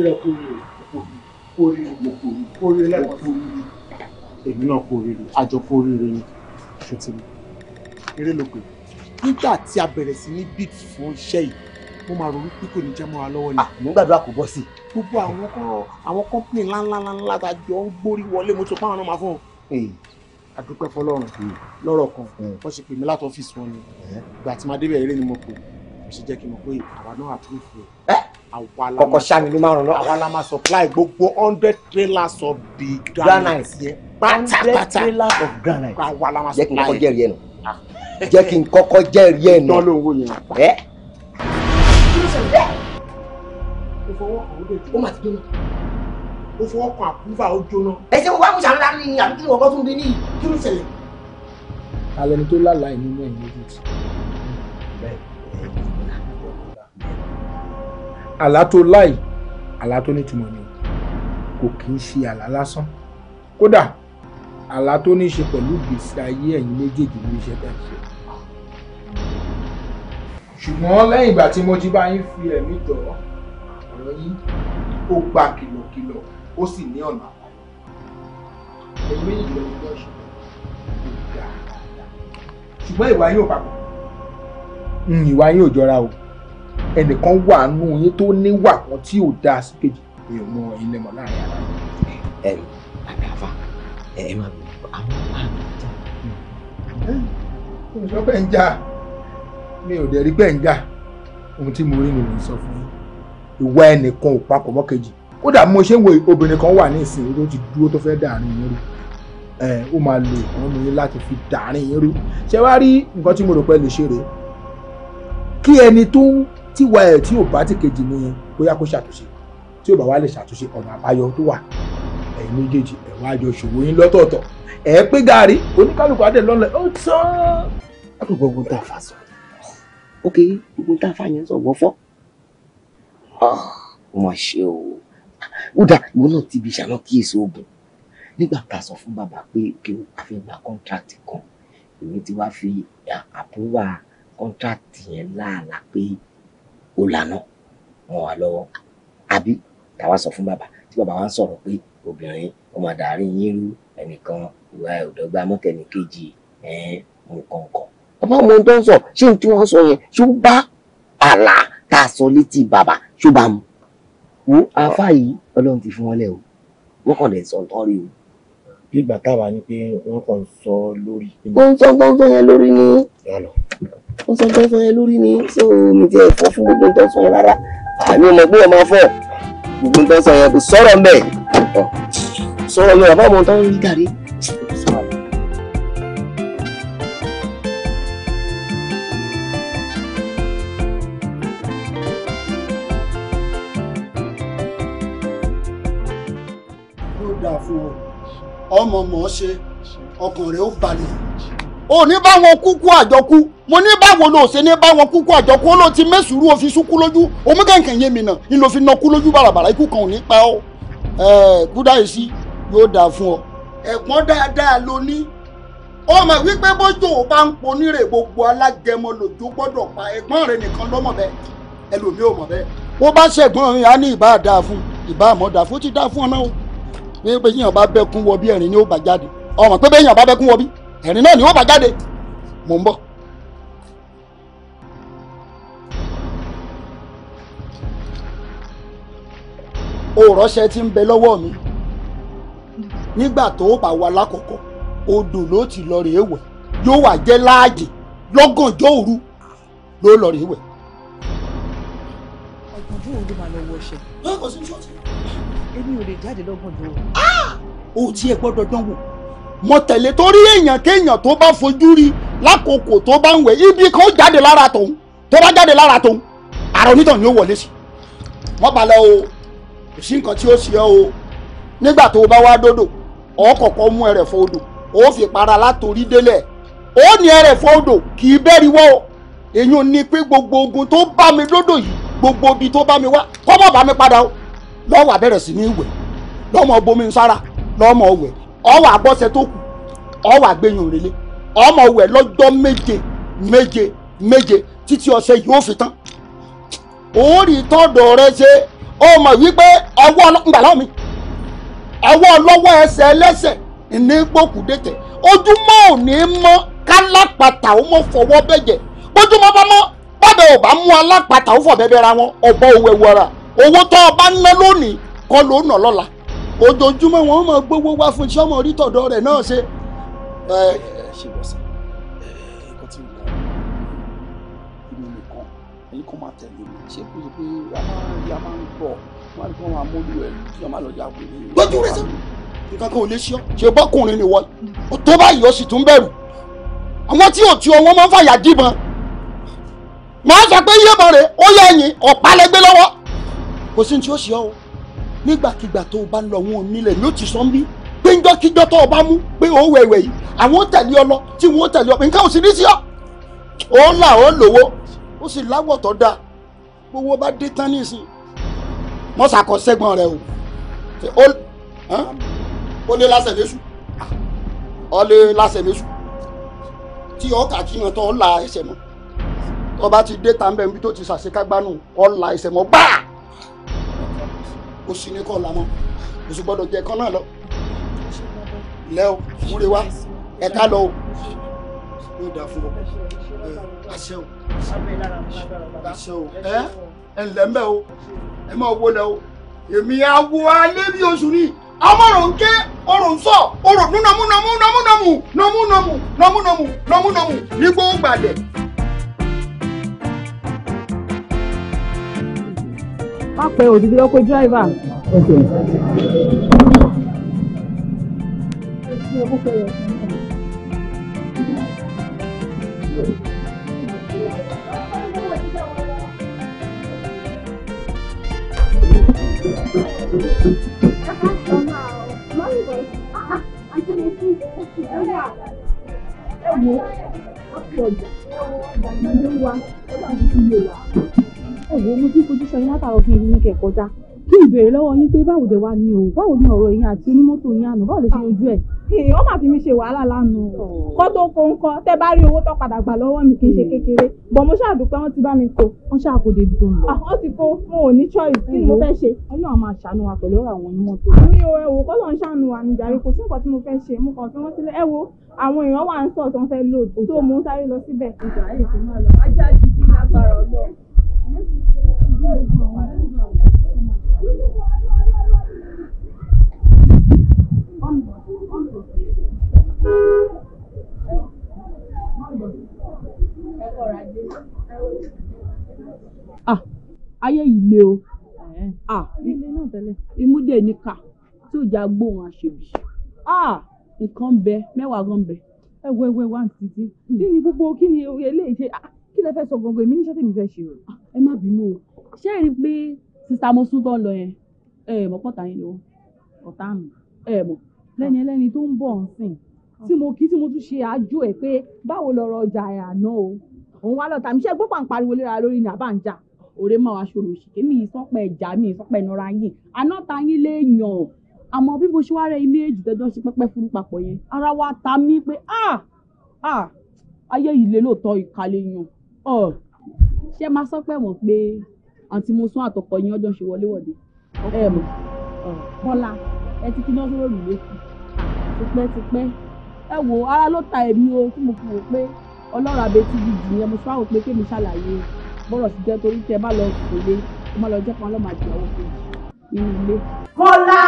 kíra kó rí kó rí kó rí lẹ́kọ̀ọ́ kó rí èmi náà kó rí àjọ kó rí rẹ ni ṣe ti mi eré ló pè nígbà tí a bẹ̀rẹ̀ sí ní bíìtì fún iṣẹ́ yìí mo máa ronú pé kò ní jẹ́ mọ́ wa lọ́wọ́ ni. Ah, mo ń gbàdúrà kó bọ́ sí. gbogbo àwọn àwọn kọ́ńpìnì ńláńláńlá ta jọ ń gbórí wọlé mo tún pààrọ̀ náà máa fún ọ. àdúpẹ́ fọlọ́run hmm. lọ́rọ̀ kan hmm. wọ́n ṣe pè mí láti ọ́fíìsì wọn ni eh? ìgbà tí màá débẹ̀ eré ni mo pè mo sì jẹ́ kí n mọ̀ pé àwa náà àtúnfò ẹ̀ kọkọ sani ló máa ràn lọ. àwa la máa supply gbogbo hundred trailers of the granite yẹn pátápátá hundred trailers of granite àwa la máa supply. Ah. jẹ́ kí n kọ́kọ́ jẹ́rìí ẹ̀ nù jẹ́ kí n kọ́kọ́ jẹ́rìí ẹ̀ nù. dọ́lọ̀ owó yẹn. ẹ. ó mà ti jóná ó fọwọ́ kan àkúfà ó jóná. ẹ ṣe wàá kùsà ńlá ni àbí kí ni ọkọ tún bí ní kí ló ṣẹlẹ̀. alẹ́ ni tó lálàá ìnú mẹ́rin lójú ti. àlá tó láì àlá tó nítumọ̀ ni kò kì í ṣe àlá lásán kódà àlá tó ní í ṣe pẹ̀lú ìgbésí ayé ẹ̀yin méjèèjì ní iṣẹ́ tẹ̀ ṣe. ṣùgbọ́n lẹ́yìn ìgbà tí mo ti bá yín fi ẹ̀mí tọ̀ ọ̀rọ̀ yín ó gba kìlọ̀kìlọ̀ ó sì ní ọ̀nà àbáyọ. ẹ̀yin méjèèjì lọ́ọ́ ní ọ̀ṣun kò dáa ṣùgbọ́n ìwà yín ò papọ̀. Hmm, ìwà yín ò jọra o. ẹnìkan wà nù yín tó níwà kan tí ò dáa sí kejì mi mọ ilé mọ láàrin ara mi. ẹ bàbá àfa ẹ máa bẹ àwọn ọmọ mi. mi ò ń jà mi ò dẹ̀ rí ń jà ohun tí mo rí nìyẹn sọ fún yín ìwà ẹnìkan ò papọ̀ mọ́ kejì kódà mo ṣe ń wo obìnrin kan wà ní ìsìn tó ti dúró tó fẹ́ dàárín yín rú ẹ ó máa lo ìkànnì láti fi dàárín yín tíwa ẹ̀ tí ò bá ti kejì mu bóyá kó ṣàtúnṣe tí ò bá wá lè ṣàtúnṣe ọ̀nà àbáyọ tó wà ẹ̀yin méjèèjì ẹ̀ wá jọ ṣòwò yín lọ́tọ̀ọ̀tọ̀ ẹ̀ pé gàrí oníkálukú adé lọ́lẹ̀ ó tán. a kò gbogbo tá a fà sọ ok gbogbo tá a fà yẹn sọ wọ́fọ́ wọ́n ah, ṣe o ó dà ìwọ náà ti ibi ìṣáná kíyèsí oògùn nígbà tá a sọ fún bàbá pé kí a fi gba kọ́ńtráàtì kan èmi ti wá fi àpòwà kọ́ńtráàtì yẹn láàlà pé ó lànà wọn wà lọ́wọ́ àbí tàwa sọ fún bàbá tí bàbá wa ń sọ̀rọ̀ pé obìnrin ọmọ àdàrí yín rú ẹnìkan ìwà ìdọ́gba mọ́tẹ́nì kejì nǹkan kan bàbá ọmọ tó ń sọ ṣé n tí wọ́n sọ yẹn ṣó bá àlà tá a sọ létí bàbá ṣó bá mu wo afá yìí ọlọ́run ti fún wọn lẹ̀ o wọ́n kàn lè sọ tán rí o. bí ìgbà táwa ni pé wọ́n kàn sọ lórí. ó ń sọ tó sọ yẹn lórí ni ó sọ tó sọ yẹn lórí ni so mi ti ẹ̀fọ́ fún gbogbo tó sọ yẹn rárá àmì ọmọ gbé ọmọ fọ gbogbo tó sọ yẹn kò sọ̀rọ̀ mbẹ̀ sọ̀rọ̀ mi bàbá ọmọ tó ń rí gàrí. ó dáa ọ ṣe ọkàn rẹ̀ ó balẹ̀ ò ní bá wọn kúkú àjọkú mo ní báwo ló ṣe ní bá wọn kúkú àjọkú ó ló ti mẹ́sùrú ó fi sunkún lójú òun kẹ̀kẹ́ yé mi nà ń lọ fi nà kú lójú bàràbàrà ikú kan ò ní pa ọ́ ẹ̀ kúdà yìí sí yóò dáa fún ọ. ẹ̀pọ́n dáadáa ló ní ó mọ̀ wípé bójú ò bá ń ponírè gbogbo alágẹmọ lòjó gbọ́dọ̀ pa ẹ̀gbọ́n rẹ̀ nìkan lọ́mọ bẹ́ẹ̀ ẹlòmíì ò mọ̀ bẹ́ẹ̀. bó bá ṣẹ̀gbọ́n mi á ní ìbá dáa fún ìbá àmọ́ dáa fún ó ti dáa fún ọ náà o pé bẹ́ẹ̀ yàn bá bẹ́kún wọ bí ẹ̀rín ni ó bá jáde ọmọ pé bẹ́ẹ̀ yàn bá bẹ́kún wọ bí ẹ̀rín náà ni wọ́n bá jáde mò ń bọ̀. ti ń bẹ lọ́wọ́ mi nígbà tó bá wà lákòókò odò ló ti lọ rèé wẹ̀ yóò wà jẹ́ láàjì lọ́gànjọ́ òru ló lọ rèé mo tẹ̀lé torí èèyàn kéèyàn tó bá fojú rí lákòókò tó bá ń wẹ̀ ibi kan jáde lára tòun tó bá jáde lára tòun àrà onítàn ni ó wọlé sí balẹ̀ o kò sí nǹkan tí ó ṣe o nígbà tó o bá wá dodo o kọ́kọ́ mú ẹrẹ̀fọ́ odò o fi para látòrí délẹ̀ ó ní ẹrẹ̀fọ́ odò kì í o ni pé gbogbo ogun tó bá mi dódò yìí gbogbo ibi tó mi wá kọ́ o lọ́wọ́ àbẹ̀rẹ̀ sí ní ìwẹ̀ lọ́mọ bomi sára ọ wà tó kù ọ wà òrèlé ọmọ wẹ̀ lọ́jọ́ méje méje méje títí ọ̀sẹ̀ yìí ó fi tán òórì tọ́dọ̀ rẹ ṣe ó mọ̀ wípé ọwọ́ ńgbà lọ́mi ọwọ́ lọ́wọ́ ẹsẹ̀ ẹlẹ́sẹ̀ ní ojúmọ́ ò ní mọ́ kálápàtà ó fọwọ́ bá mọ́ bàbá ò bá mú alápàtà ó fọ̀ ojoojúmọ́ wọn máa gbowó wá fún iṣẹ́ ọmọ orítọ̀dọ̀ rẹ̀ náà ṣe. ẹ ẹ ṣe wọ́sà ẹ̀kọ́ tí mo kọ́ èmi nìkan ẹ̀yin kan máa tẹ̀lé mi ṣé kò yẹ pé a máa ń bọ̀ wọ́n á ní kí wọ́n máa mójú ẹ̀ kí wọ́n máa lọ yàgò ní. lójú rẹ sẹ nǹkan kan ò lè ṣe ọ ṣe bọkùnrin ni wọn ó tó báyìí ó sì tún bẹ̀rù àwọn tí ò tí ọ wọn máa ń fàyà díbọn màá sọ pé yébọn rè ó yẹ ẹ̀yìn ọ̀pá lẹgbẹ́ lọ́wọ́ kò sí ní tí ó ṣe ọ o nígbàkigbà tó o bá ń lọ wọn ò nílẹ̀ yóò ti sọ ń bí pé ńjọ́kíjọ́ tó o bá mú pé o wẹ̀wẹ̀ yìí àwọn tẹ̀lé ọ lọ tí wọn tẹ̀lé ọ pé nǹkan ò sí ní sí ọ. ó là ó lówó ó sì láwọ̀ tó dáa gbogbo bá dé tán nísìn mọ́ sàkọ sẹ́gbọ̀n rẹ o ó lé lásẹ̀ lẹ́sù ó lé lásẹ̀ lẹ́sù tí ọkà kí wọn tó ń la ẹsẹ̀ mọ́ tó bá ti dé tán bẹ́ẹ̀ níbi tó ti sàṣekágbánú ọ̀ la ẹsẹ̀ mọ́ gbáà kò sí ní kọ́ làmọ́ kò sì gbọ́dọ̀ jẹ kan náà lọ lẹ́ o múre wá ẹ ká lọ o yóò dà fún ọ ẹ àṣẹ o àṣẹ o ẹ ẹ ǹlẹ́ mbẹ́ o ẹ máa wó lẹ o èmi awo alẹ́ bí oṣù ni amọ̀rọ̀ ń ké ọrọ̀ ń sọ ọrọ̀ nú nọmú nọmú nọmú ní gbogbo àdẹ̀. má pẹ́ òdìdí lọ́kọ́ dírẹ́fà. Thank you ẹ wo mo ti fojú sọyìn látàrọ kí n ní kẹ kọjá kí n béèrè lọ́wọ́ yín pé báwo dé wá ni o báwo ni ọ̀rọ̀ yín àti onímọ́tò yín àná báwo lè ṣe ojú ẹ̀. ó mà fi mi ṣe wàhálà lánàá kó tó kó ń kọ tẹ bá rí owó tó padà gbà lọ́wọ́ mi kì í ṣe kékeré bọ̀ mo ṣàdúpẹ́ wọ́n ti bá mi kó. wọ́n ṣàkóde ibi tó ń lọ. àwọn ah, ti kó mo ò ní choice kí ni mo fẹ́ ṣe. ọlọ́run máa ṣàánú wa pẹ̀lú ọ̀rọ̀ àwọn onímọ́tò. mi ò ẹ̀wò kọ́ lọ́n ṣàánú wa ní ìjàre kò sí nǹkan tí mo fẹ́ ṣe mo kàn fi wọ́n sílẹ̀ ẹ̀wò àwọn èèyàn wà ń sọ̀ tó ń fẹ́ lò tó mo ń sáré lọ síbẹ̀. ìgbà ayè ti máa lọ ajá ti fi lágbára ọlọ́run. Ah, ayé yìí le o ìmúdè ah, níkà tí ò já gbóhùn àṣebí ah, nǹkan ń bẹ mẹ́wàá gan ń bẹ. ẹ wẹ wẹ wá títí kí ni gbogbo kí ni eléyìí ṣe kí lẹ fẹ́ sọ gbọ̀ngàn èmi níṣẹ́ tèmi fẹ́ ṣe o. ẹ má bínú o ṣé ẹ rí i pé sista mosun tó ń lọ yẹn ẹ mọ̀ pọ̀tà yín ni o ọ̀tá mi ẹ mọ̀ lẹ́ni ẹlẹ́ni tó ń bọ̀ ń sìn tí mo kí tí mo tún ṣe àjò ẹ̀ pé báwo lọ̀rọ̀ ọjà ẹ̀ àná o òun wá lọ́ta mi ṣe gbọ́pà ń pariwo léra lórí ní àbá ń jà òré máa wá ṣòro òṣìkè mi ìsọpẹ ẹjà mi ìsọpẹ ìnura yìí àná ta yín léèyàn àmọ́ bí mo ṣe wá rẹ ilé èjì tẹjọ ṣe pẹpẹ fún papọ̀ yẹn ara wa ta mí pé ah ah ayé yìí lè lóòótọ́ ìkàlẹ yàn ọ ṣé máa sọ pé mọ̀ pé àǹtí mo sún àtọkọ yín ọjọ́ ṣe wọlé wọ̀de ẹ mọ̀ kọ́lá ẹ ti kí nọ́ọ̀sì ròlù létí tipẹ́tipẹ́ ẹ wò ara ló ta èmi o tí mo fi wò pé ọlọ́run abẹ́tí gidi yẹn mo sọ àwọn pé kémi ṣàlàyé bọ́rọ̀ sí jẹ́ torí tẹ bá lọ sòlé ó má lọ jẹ́ kan ọlọ́màjì àwọn kejì nínú ilé. kọ́lá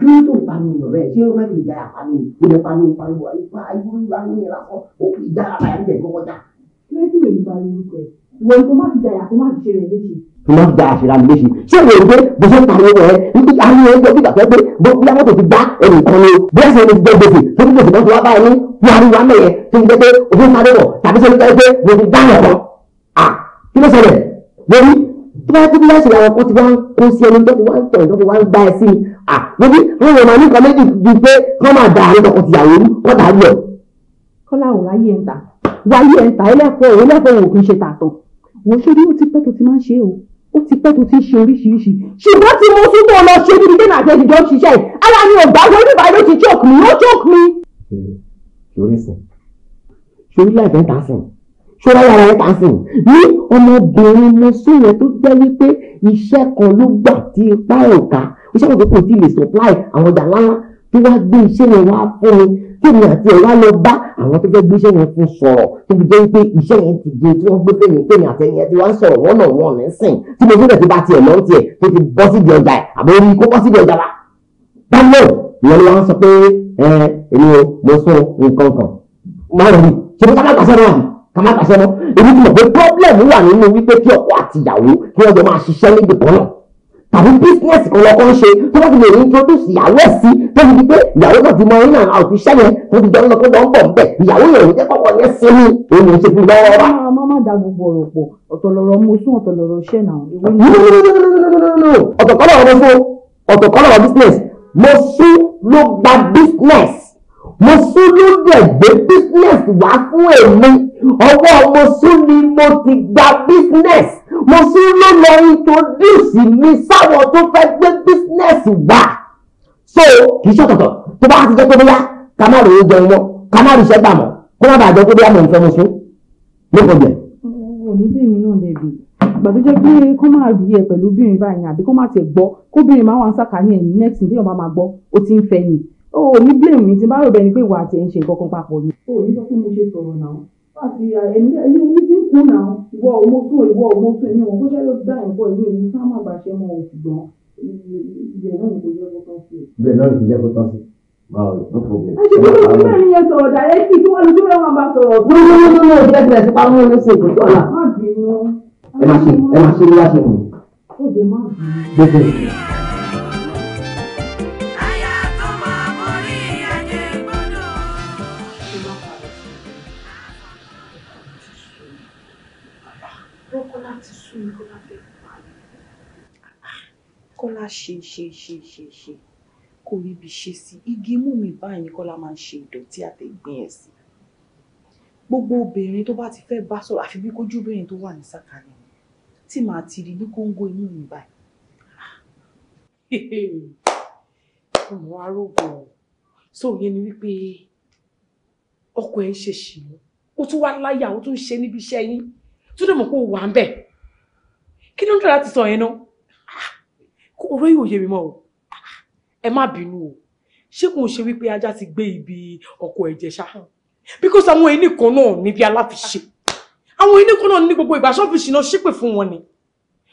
kí ló tó ń pariwo lọ rẹ ṣé rẹ́mi ìjà yà pariwo ó lè pariwo pariwo àyíká ayúrú ìlànà yẹn lásán òkè ìjà yà báyà ń bẹ̀ kọ́kọ́ já. kí ló tún lè ní pariwo orúkọ ẹ ìwọ ni kò má fi jà yà kó má fi ṣe rẹ léṣe. kó má fi jà àṣírà mi léṣe ṣé ìwé ìgbé bó ṣe pariwo rẹ níbi àwọn ẹgbẹ bí kàfẹ́ pé bóyá mọ́tò ti gbá ẹnì kan ni bóyá ṣe ẹni gbẹ gbèsè tó ti gbèsè kan ti wá bá ẹni wọ́n á rí wa mẹ́yẹ tó ti jẹ́ pé òfin sáré bọ̀ tàbí ṣe ń tẹ́ pé mo ti dá ẹ̀kọ́ à kí ló ṣẹlẹ̀ lórí bá tó bí láti làwọn kó ti wá ń kó sí ẹni tó ti wá ń tẹ̀ tó ti wá ń gbá ẹ sí mi à níbi wọn yóò máa ní kan méjì ju pé kán máa dà àárín tọkọ tìyàwó rú kán dà á yẹ. kọ́lá ò ráyè ẹ̀ ń tà wáyé ẹ̀ ń tà ẹlẹ́fọ̀ òun lẹ́fọ̀ òun kì ṣe tààtọ̀ wọ́n ṣe ní ó ti pẹ́ tó ti máa ń ṣe o ó ti pẹ́ tó ti ń ṣe oríṣiríṣi ṣùgbọ́n tí mo tún bọ̀ lọ ṣe níbi dénà àtẹ̀jìjọ́ ṣiṣẹ́ yìí ara ṣọ́ra yàrá ẹ̀ pàṣẹ ní ọmọbìnrin mo sí yẹn tó jẹ́ wípé iṣẹ́ kan ló gbà tí ipá ẹ̀ ká iṣẹ́ kan tó kò tí lè supply àwọn ọjà ńláńlá tó wá gbé iṣẹ́ yẹn wá fún mi tèmi àti ẹ̀ wá lọ bá àwọn tó fẹ́ gbé iṣẹ́ yẹn fún sọ̀rọ̀ tó fi jẹ́ wípé iṣẹ́ yẹn ti di tí wọ́n gbé fèmí tèmi àti ẹ̀yìn ẹ̀dí wá ń sọ̀rọ̀ wọ́n náà wọ́n ní sìn tí mo gbọ́dọ̀ ti bá tiẹ̀ lọ́n tiẹ̀ tó ti bọ́ síbi ọjà ẹ̀ àbí orí kó bọ́ síbi ọjà wa. báwo ìyẹn ló wá ń sọ pé mi ṣe mo sábà gbà sọ́dọ̀ wà máa kà sọ́nà èmi ti mọ̀ pé problem wà nínú wípé kí ọkọ àti ìyàwó kí wọ́n jọ máa ṣiṣẹ́ níbi kan náà tàbí business kan lọ́kọ́ ń ṣe tí wọ́n ti lè introduce ìyàwó ẹ̀ sí tó ti di pé ìyàwó náà ti mọ iná àti iṣẹ́ yẹn tó ti jọ ń lọ tó lọ ń bọ̀ ńbẹ̀ ìyàwó yẹn ò ní kẹ́kọ̀ọ́ wọlé sí ní òun ṣe fún lọ́wọ́ wa. máa má da gbogbo ọ̀rọ̀ pọ̀ ọ̀tọ̀ lọ̀rọ̀ mo sún ọ̀tọ̀ lọ̀rọ̀ ṣẹ́ náà. ọ̀tọ̀ kọ́lọ̀ ọ̀rọ̀ mo sún ọ̀tọ̀ kọ́lọ̀ business mo sún ló gba business mo sún ló dẹ̀ gbé business wá fún èmi ọwọ́ mo sún ni mo ti gba business mo sún ló lọ introduce mi sáwọn tó fẹ́ gbé business wá so kì í ṣọ̀tọ̀tọ̀ tó bá ti jẹ́ pé bóyá ká má rèé jẹun mọ́ ká má rí iṣẹ́ gbà mọ́ kó má bàa jẹ́ pé bóyá mo ń fẹ́ mo sún ní kò jẹ́. òní tèmi náà lẹ́bi ìgbà tó jẹ́ pé kó máa rí ẹ pẹ̀lú obìnrin báyìí àbí kó má tẹ̀ gbọ́ kóbìnrin máa wà ń sàkání ẹ̀yìn next ní ọba máa gbọ́ ó o ò ní blame mi tí bá rò bẹ́ẹ̀ ni pé ìwà àti ẹ̀ ń ṣe nǹkan kan papọ̀ ni. o ò ní sọ pé mo ṣe sọ̀rọ̀ náà láti ẹni ẹni omi ti ń kú náà ìwọ ọmọ tún ìwọ ọmọ tún ẹni wọn bóṣẹ́ ló dá ìwọ ìlú ẹni ká má gbàṣẹ mọ òṣùgbọ́n ìyẹn náà kò jẹ́ kó tán sí. bẹ́ẹ̀ náà kò jẹ́ kó tán sí báwo ló fò bẹ́ẹ̀. ẹ ṣe kí ló fún ẹni yẹn sọ̀rọ̀ dàrẹ́ kí kí wọ́n lójú ẹ̀wọ̀n bá sọ̀rọ̀. gbogbo ìjẹ́ tilẹ̀ ti pamọ́ ló ṣe ìgbésọ̀ la. ẹ má ṣe ẹ má ṣe bí wá ṣe mú. ó dé má bínú. Kọ́lá ṣe ṣe ṣe ṣe ṣe kò rí ibi ṣe sí igi imú mi báyìí ni Kọ́lá máa ń ṣe ìdọ̀tí àtẹ̀gbìn ẹ̀ sí. Gbogbo obìnrin tó bá ti fẹ́ bá sọ̀rọ̀ àfi bí kójú obìnrin tó wà ní sàkánì mi tí màá ti rí bí kóńgó imú mi báyìí. Ah! Ọmọ arógbó so yẹn ni wípé ọkọ ẹ̀ ń ṣe ṣìnà ó tún wá láyà ó tún ṣe níbi iṣẹ́ yín tún dẹ̀ mọ̀ pé ó wà ń bẹ̀ kí ló ń dọ̀rọ̀ láti sọ yẹn náà ọ̀rọ̀ yìí ò yé mi mọ́ o ẹ má bínú o ṣé kò ń ṣe wípé ajá ti gbé ibi ọkọ̀ ẹ̀jẹ̀ ṣá because àwọn ẹni kan náà níbi aláfiṣe àwọn ẹni kan náà ní gbogbo ìgbà ṣọ́ọ̀fìṣì náà ṣépè fún wọn ni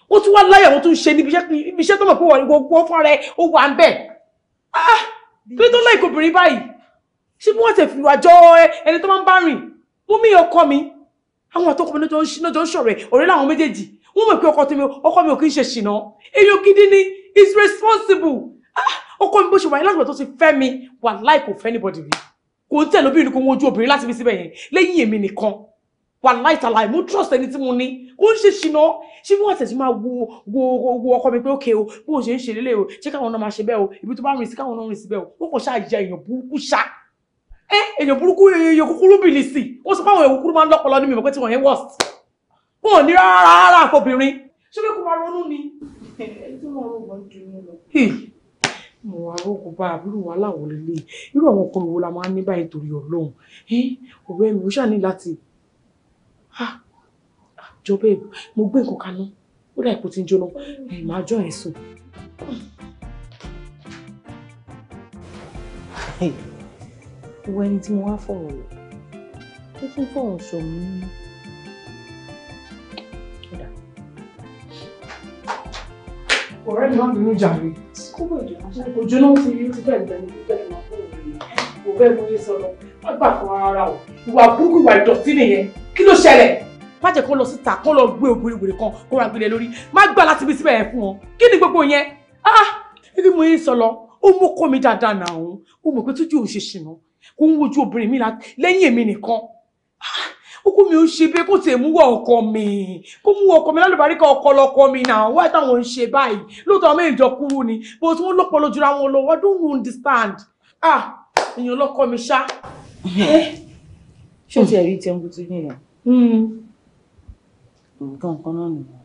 wọ́n tún wá láyà wọ́n tún ṣe níbi iṣẹ́ tó mọ̀ pé wọ́n gbọ́ fún ara ẹ̀ ó wà ń bẹ̀ pé ah! tó láì kòbìnrin báyìí ṣé bí wọ́n ti fi àjọ ẹni tó máa ń bá rìn mú mi ọkọ mi àwọn àtọkọ mi náà jọ ń ṣọ̀rẹ́ ọ̀rẹ́ làwọn méjèèjì wọ́n mọ̀ pé ọkọ mi ò kí ń ṣe ṣìnà èyí gidi ni is responsible ah, ọkọ mi bó ṣe wà ní láti wà tó ti fẹ́ mi wà láì kò fẹ́ anybody rí kò ń tẹ̀lé obìnrin kò ń wojú obìnrin láti fi síbẹ̀ yẹn lẹ́yìn èmi nìkan wà láì tàlà ìmú trust ẹni tí mo ní kò ń ṣe ṣìnà ṣé wọn àtẹ̀sí máa wo wo wo ọkọ mi pé ókè o bó o ṣe ń ṣe lélẹ̀ o ṣé káwọn náà máa ṣe bẹ́ẹ̀ o ibi tó bá rìn sí káwọn náà rìn sí bẹ́ẹ̀ o ó kàn ṣáà ya èèyàn burúkú ṣá ẹ èèyàn burúkú èèyàn kúkúrú bìlì sí ó sọ pé àwọn èèyàn kúkúrú máa ń lọ́pọ̀lọ́ ní mi mọ̀ pé tí wọ́n yẹn worst wọn ò ní rárá rárá àfọbìnrin ṣé pé kò máa ronú ni mo wá rògùn bá àbúrò wa láwọ lélẹ irú àwọn ọkùnrin wo la máa ń ní báyìí torí Ọlọ́run ọ̀rẹ́ mi ó ṣáà ní láti jọ bẹ́ẹ̀ mo gbé nǹkan kaná ó dà ipò tí ń jóná ẹ máa jọ ẹ sùn. wọ ẹni tí mo wá fọ̀rọ̀ lọ ó tún fọ̀rọ̀ sọ mí nínú. ọ̀rẹ́ mi má bínú jàre. kókò ìjọ àṣẹ kò jóná ti rí ti bẹ́ẹ̀ bẹ́ẹ̀ ni bẹ́ẹ̀ máa fún òun rẹ̀ kò bẹ́ẹ̀ mú yé má gbà o ìwà burúkú ìwà ìdọ̀tí nìyẹn kí ló ṣẹlẹ̀. má jẹ́ kó lọ síta kó lọ gbé obìnrin wèrè kan kó ra gbélé lórí má gbà láti bí síbẹ̀ yẹn fún wọn kí ni gbogbo yẹn ah ibi mo yé sọ lọ ó mú kọ́ mi dáadáa nà òun ó mọ̀ pé tójú òun ṣe ṣìnà kó ń wojú obìnrin mi lẹ́yìn èmi nìkan ọkọ mi ò ṣe bẹ́ẹ̀ kó tiẹ̀ mú wọ ọkọ mi kó mú ọkọ mi lálùbáríkà ọkọ lọkọ mi náà wá táwọn ń ṣe báyìí lóòótọ́ àwọn èèjọ kúrú ni bó tí wọ́n lọ́pọ̀ lójú ra wọn lọ wọ́n don't understand ah èèyàn lọ́kọ mi ṣá. Eh? ṣé o ti ẹ̀rí tiẹ̀ ń kutu yín yàn? Hmm. nǹkan kan náà nìyẹn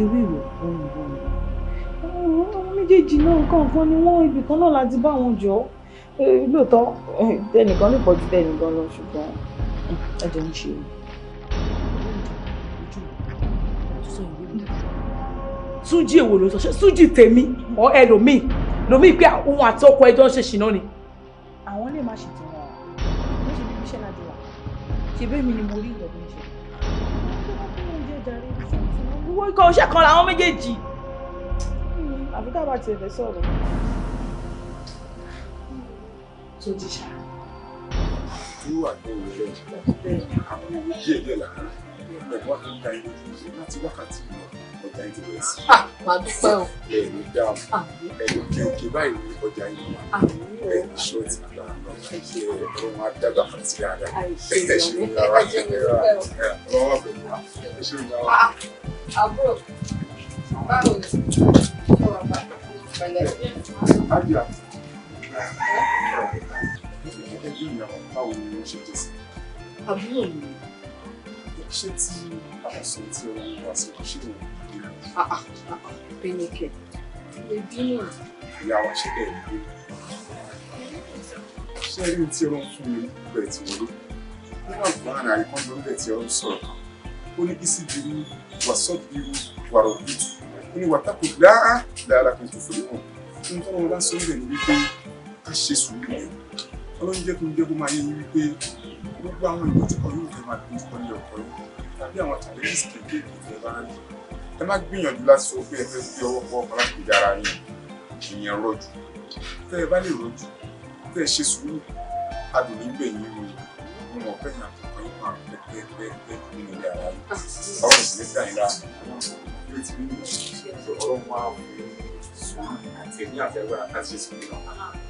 irú ìrò òun ìròyìn àwọn méjèèjì náà nǹkan kan ni wọ́n ibì kan náà láti bá wọn jọ eh, lóòótọ́ eh, tẹnìkan nípọ̀ ju tẹnìkan lọ ṣùgbọ́n I don't ń ṣe o. Túnjí èwo ló sọ ṣé Túnjí tèmi ọ ẹlòmíì lòmíì pé òun àti ọkọ ẹjọ ń ṣe ṣìnà ni. àwọn lè má ṣe tiwọn ní ṣe bíbí iṣẹ́ láti be ṣebí èmi ni mo rí ìyẹn tó ń ṣe. owó ikọ̀ ọṣẹ́ kan làwọn méjèèjì. àbúkà bá tiẹ̀ fẹ́ sọ̀rọ̀. tó ti ṣáà irú àgbọn òwúrọ̀ àwọn òwe díẹ̀ díẹ̀ lára pẹ̀lú wákàtí ayé láti wákàtí ìmọ̀ ọjà yìí ti bẹ̀rẹ̀ sí. Ah, máa dúpẹ́ o. ẹ̀mí dáàmú ẹ̀mí òkè òkè báyìí ní ọjà yìí wà ah. ẹ̀mí ṣọ́ọ̀tì àgbà náà ẹ̀rọ máa dàgbà fún ti ara ah, ẹ̀ ṣe ń yára ẹ̀ ọ̀rọ̀ wà pẹ̀lú wa ẹ̀ ṣe ń yára. àbúrò báwo ni ọ̀rọ̀ bá pẹ̀lẹ́ yìí náà báwo ni wọ́n ṣe jẹ́ sí. àbúrò mi ṣé tí àkọsọ tí ọmọ mi wá sí ṣé mo lè lọ. pẹnikẹ ìdí náà. ìyá wa ṣe bẹ́ẹ̀ ni ṣé rí tí ọmọ fún mi bẹ́ẹ̀ tí wọlé nígbà gbọ́n ara rẹ̀ kọ́ńdọ̀ ń bẹ̀ tí ọmọ sọ̀rọ̀ kan ó ní bísí bírú wàsọ́ bírú wàrọ̀ bírú ó ní wàtàkù dáa dáa lápẹ́ tó fòlé wọn. nítorí wọn bá sọ ń bẹ̀ ní wípé ká ṣe sùúrù yẹn ọlọ́run jẹ́ kí n dégún máa yé mi wípé gbogbo àwọn ìlú tí kan yóò fẹ́ máa dojú kọ ní ọkọ tàbí àwọn tàlẹ́ǹsì kéékèèké tẹ́ bá rẹ̀ ẹ má gbìyànjú láti sọ pé ẹ fẹ́ fi ọwọ́ pọ̀ ọkọ láti gbèjà ara yín ìyẹn rọ̀jù tẹ́ ẹ bá lè rọ̀jù tẹ́ ẹ ṣe sùúrù adùn nígbè yín o mo mọ̀ pé ìyàn àtọkọ yín máa pẹ́ pẹ́ pẹ́ ilé ara yín ọ̀rọ̀ ìdílé gbà ọ̀rọ̀ wọn á fún sùúrù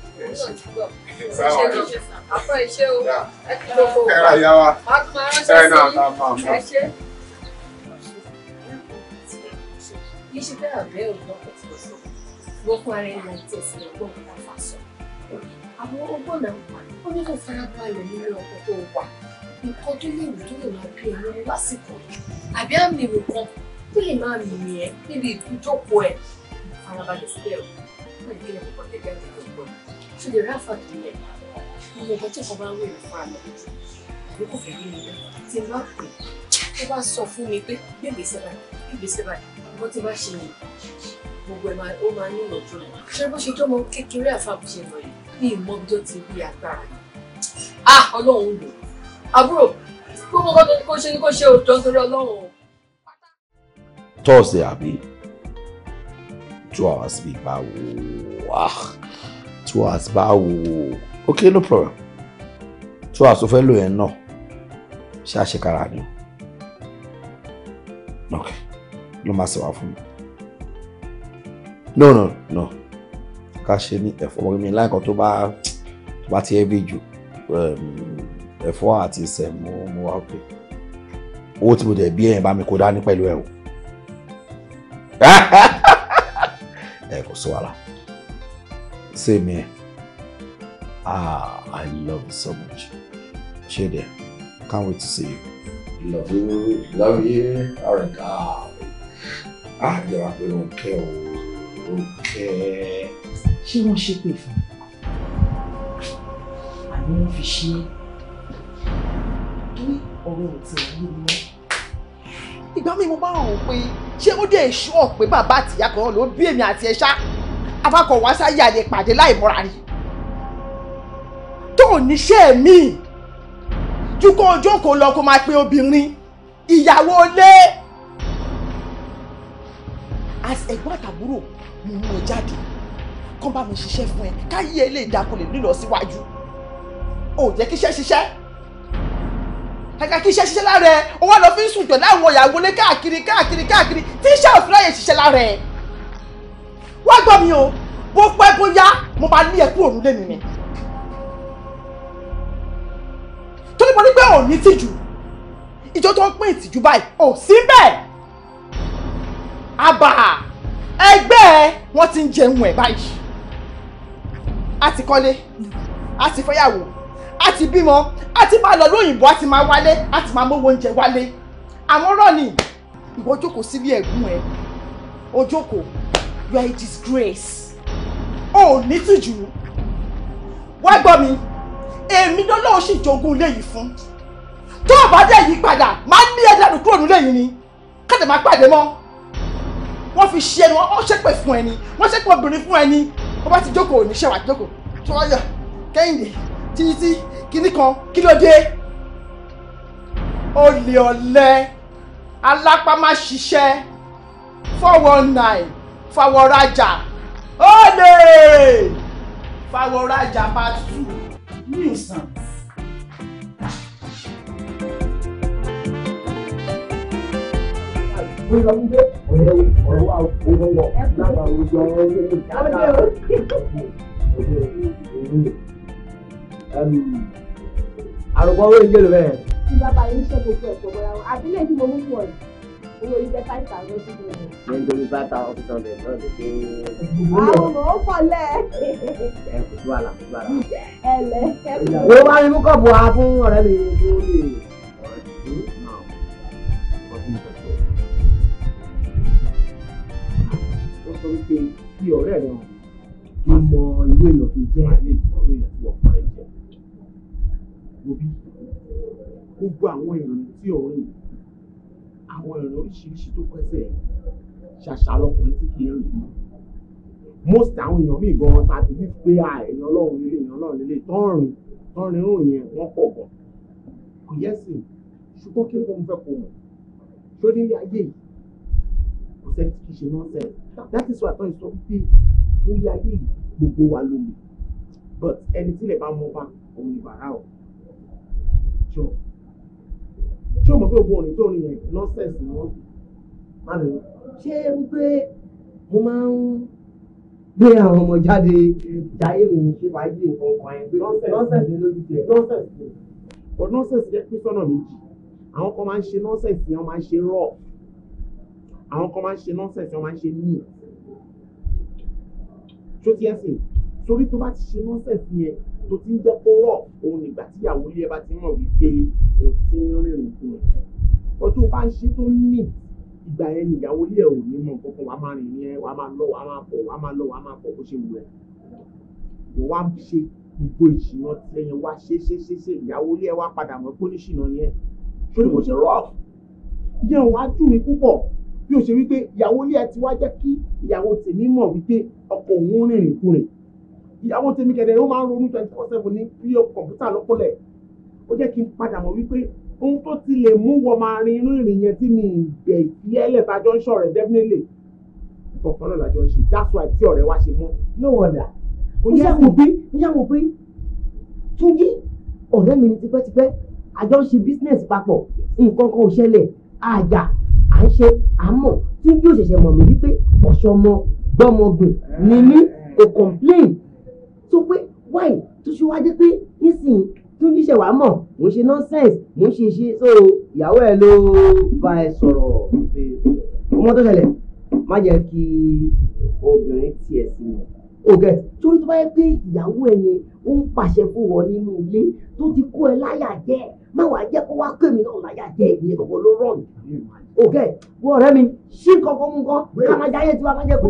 àpọ̀ ìṣe o ẹ kí ló kó o má má ránṣẹ́ sí ẹ ṣe. kìí ṣe bẹ́ẹ̀ bẹ́ẹ̀ ò lọ́kọ̀ tí o sọ wọ́n kún ara ẹni àti ẹ̀sìn ọgbọ́n nípa fàṣọ. àwọn ọgbọ́n náà ó ní kó farabalẹ̀ nínú ọkọ̀ tó wà nǹkan tó léwu tó lè máa bí ẹni wọn lásìkò àbí àmì nǹkan tó lè máa mìíràn ẹ níbi ìdújókòó ẹ farabalẹ̀ síbẹ̀ o. wọ́n ìdílé kọ́kọ́ tẹ̀lé àti ìdújókòó ṣe lè ráfà nílẹ̀ ilé ẹgbẹ́ tí kò bá wù mí fún àná àbí kò fẹ́ rí mi lọ tí n bá pè tó bá sọ fún mi pé bèbè sẹ́ra bèbè sẹ́ra bó ti bá ṣe yìí gbogbo ẹ̀ ó máa ní ìlọ́jọ́ rẹ̀ ṣé bó ṣe jọ́mọ kékeré àfàbùṣe lọ yìí ní ìmọ̀jọ́ ti rí agbára ah ọlọ́run lò àbúrò gbogbo kan tó ní kó ṣe ní kó ṣe òjò nítorí ọlọ́run o. tọ́ọ̀sì àbí two hours bíi báwo wá. Ah two hours báwo ok no problem two hours tó fẹ́ lò yẹn náà ṣe àṣekára ni ok ló máa ṣèwà fún mi no no no ká ṣe ní ẹ̀fọ́ ọmọ mi láìkọ́ tó bá tó bá ti heavy jù um, ẹ̀fọ́ àti sẹ̀mú mo wá pé owó tí mo dẹ̀ bí ẹ̀yìn bá mi kó dání pẹ̀lú ẹ̀ o ẹ̀ kò sí wàhálà. Same here. Ah, I love you so much. Cheer Can't wait to see you. Love you. Love you. God, Ah, ah you're up with okay. Okay. She won't shake me from. I won't oh, fi ṣe é. Torí ọ̀rọ̀ tell you. rí mi mọ́. Ìgbà mi mo bá rò ó pé ṣé ó dé ṣú ọ̀ pé bàbá àtìyá kan ló bí èmi àti ẹ̀ awakọ̀ wá sáyé àlè pàdé láì mọ́ra rí tó níṣẹ́ mi ju kó jókòó lọ kó máa pe obìnrin ìyàwó lé as ẹ̀gbọ́n àtàbúrò mo mú ẹ jáde kán bá mi ṣiṣẹ́ fún ẹ káyé ilé ìdákunlé lílọ síwájú ò jẹ́ kíṣẹ́ ṣiṣẹ́ kàkà kíṣẹ́ ṣiṣẹ́ lára ẹ ó wá lọ fi ń sùn pẹ̀lú àwọn ìyàwó lé káàkiri káàkiri káàkiri tí iṣẹ́ òfin láyè ṣiṣẹ́ lára ẹ wá gbọ́ mi o bó pẹ́ bó yá mo máa lé ẹ kúrò nílé mi ni. torí mo ní pé òní tìjú ìjọ tó ń pín ìtìjú báyìí ò sí bẹ́ẹ̀ àbà ẹgbẹ́ ẹ wọ́n ti ń jẹun ẹ̀ báyìí a ti kọ́lé a ti fẹ́yàwó a ti bímọ a ti máa lọ lóyìnbó a ti máa wálé a ti máa mówó oúnjẹ wálé àwọn rọ ni sílé ẹ̀gbọ́n ẹ o you are a disgrace o ò ní tìjú wá gbọ́ mi èmi lọ́lọ́run sì jogún ilé yìí fún tó o bá dẹ̀ yí padà máa ní ẹ̀dá nù kúrò nílé yìí ni kẹ́tẹ̀ máa pàdé mọ́ wọ́n fi ṣe ẹni wọ́n ṣépè fún ẹni wọ́n ṣépè obìnrin fún ẹni wọ́n bá ti jókòó níṣẹ́ wà jókòó tó wáyà kẹ́hìndé títí kíní kan kí ló dé olè ọ̀lẹ alápámáṣiṣẹ́ four one nine fàwọ̀rajà olè fàwọ̀rajà part two ní ìsàn. àrùkọ owó ìjẹ́lu bẹ́ẹ̀. ìbàbà yìí ń ṣe gbogbo ẹ̀kọ́ bọ́lá abilé tí mo mú fún ọ yìí owó iṣẹ́ five thousand six hundred. ṣé n torí five thousand six hundred náà lè ṣe. àwọn ọmọ ó kọlẹ̀. ẹ kò tó àlà tó àlà. ẹ lẹ ẹ kò. wo wá ní kọ́ọ̀bù wa fún ọ̀rẹ́ mi tó lè. ó sọ wípé kí ọ̀rẹ́ rẹ̀ hàn kí mọ irú èèyàn tó jẹ́ ilé ìtọ́wé èèyàn tó ọ̀pọ̀ ẹ̀jẹ̀. gbogbo àwọn ìròyìn tí ọ̀rẹ́ yìí àwọn ìrìn oríṣiríṣi tó kẹsẹ̀ ṣàṣà lọkùnrin tí kì í rìn most àwọn èèyàn míì gan ta bí pé à èèyàn ọlọ́run nílé èèyàn ọlọ́run nílé tọ́rin tọ́rin rùn yẹn wọ́n pọ̀ gan kò yẹ sí ṣùgbọ́n kí ló ń fẹ́ kó mọ̀ ṣó nílé ayé yìí kò sẹ́ni tí kì í ṣe nọ́ọ̀sẹ̀ that is why àtọ́yìn sọ wípé nílé ayé yìí gbogbo wa ló but ẹni tí lè bá mọ bá òun ìbàrá ṣé o mọ̀ pé ogun òní tó rìn yẹn nọ́ọ̀sẹ̀sì ni wọ́n máa lè ṣé wípé mo máa ń gbé àwọn ọmọ jáde jáyé mi ṣe fàájì nǹkan kan yẹn pé nọ́ọ̀sẹ̀sì lójú tiẹ̀ nọ́ọ̀sẹ̀sì ọ̀ nọ́ọ̀sẹ̀sì jẹ́ pín sọ́nà méjì àwọn kan máa ń ṣe nọ́ọ̀sẹ̀sì wọn máa ń ṣe rọ̀ àwọn kan máa ń ṣe nọ́ọ̀sẹ̀sì wọn máa ń ṣe níì ṣó ti ẹ̀ torí tó bá ti ṣe nọ́ọ̀sẹ̀sì yẹn tó ti ń jẹ́ kó rọ̀ òun nígbà tíyàwó ilé ẹ bá ti mọ̀ wípé o ti ń rìnrìn fún ẹ ọdún bá ń ṣe tó ń nì ìgbà yẹn níyàwó ilé ẹ ò ní mọ̀ kankan wàá máa rìn yẹn wàá máa lọ wàá máa bọ̀ wàá máa lọ wàá máa bọ̀ bó ṣe wù ẹ́ wọ́n wá ṣe gbogbo ìṣìnà lẹ́yìn wá ṣe ṣe ṣe ṣe ìyàwó ilé ẹ wá padà mọ́ pé oníṣìnà ni ẹ torí mo ṣe rọ́ọ̀ yẹn wàá dùn mí púpọ̀ bí o ṣe wípé ìyàwó ilé ẹ ti wá jẹ́ kí ìyàwó tèmi mọ̀ wípé ọkọ òun rìnrìn kùnrin ìyàwó tèmi kẹ̀dẹ̀ ó máa ń ronú twenty four seven ní bí kọ̀ǹpútà lọ́pọ̀lẹ̀ ó jẹ́ kí n padà mọ̀ wípé ohun tó ti lè mú wọ́n máa rin inú ìrìn yẹn tí mi ìgbẹ́ ìfiyẹ́lẹ̀ tájọ́ ń ṣọ̀rẹ́ definitely ìkọ̀kan náà lájọ ń ṣe that's why tí ọ̀rẹ́ wa ṣe mọ́. no wonder ó yà wò pé ó yà wò pé Túnjí ọ̀rẹ́ mi ni tipẹ́tipẹ́ àjọ ń ṣe business papọ̀ nǹkan kan ò ṣẹlẹ̀ àjà à ń ṣe àmọ́ Túnjí ò ṣẹ̀ṣẹ̀ mọ̀ mí wípé ọ̀ṣọ́mọ gbọ́mọgbìn ni mí eh. kò complain sọ pé wáì tó ṣe wá pé nísìnyí túnjí ṣe wà á mọ̀ mò ṣe nonsense mò ṣe ṣe so ìyàwó ẹ ló bá ẹ sọ̀rọ̀ ọmọ tó ṣẹlẹ̀ má jẹ́ kí obìnrin tiẹ̀ sí mi ògẹ̀ torí tó bá yẹ pé ìyàwó ẹ yẹn ó ń pàṣẹ fún wọn nínú ilé tó ti kó ẹ láyà jẹ má wàá jẹ́ kó wá pè náà láyà jẹ ìyẹn gbogbo ló rọ̀ ní. ògẹ̀ wọ ọ̀rẹ́ mi ṣí kankan mú kan ká máa jẹ́ ayé tiwa máa jẹ́ kó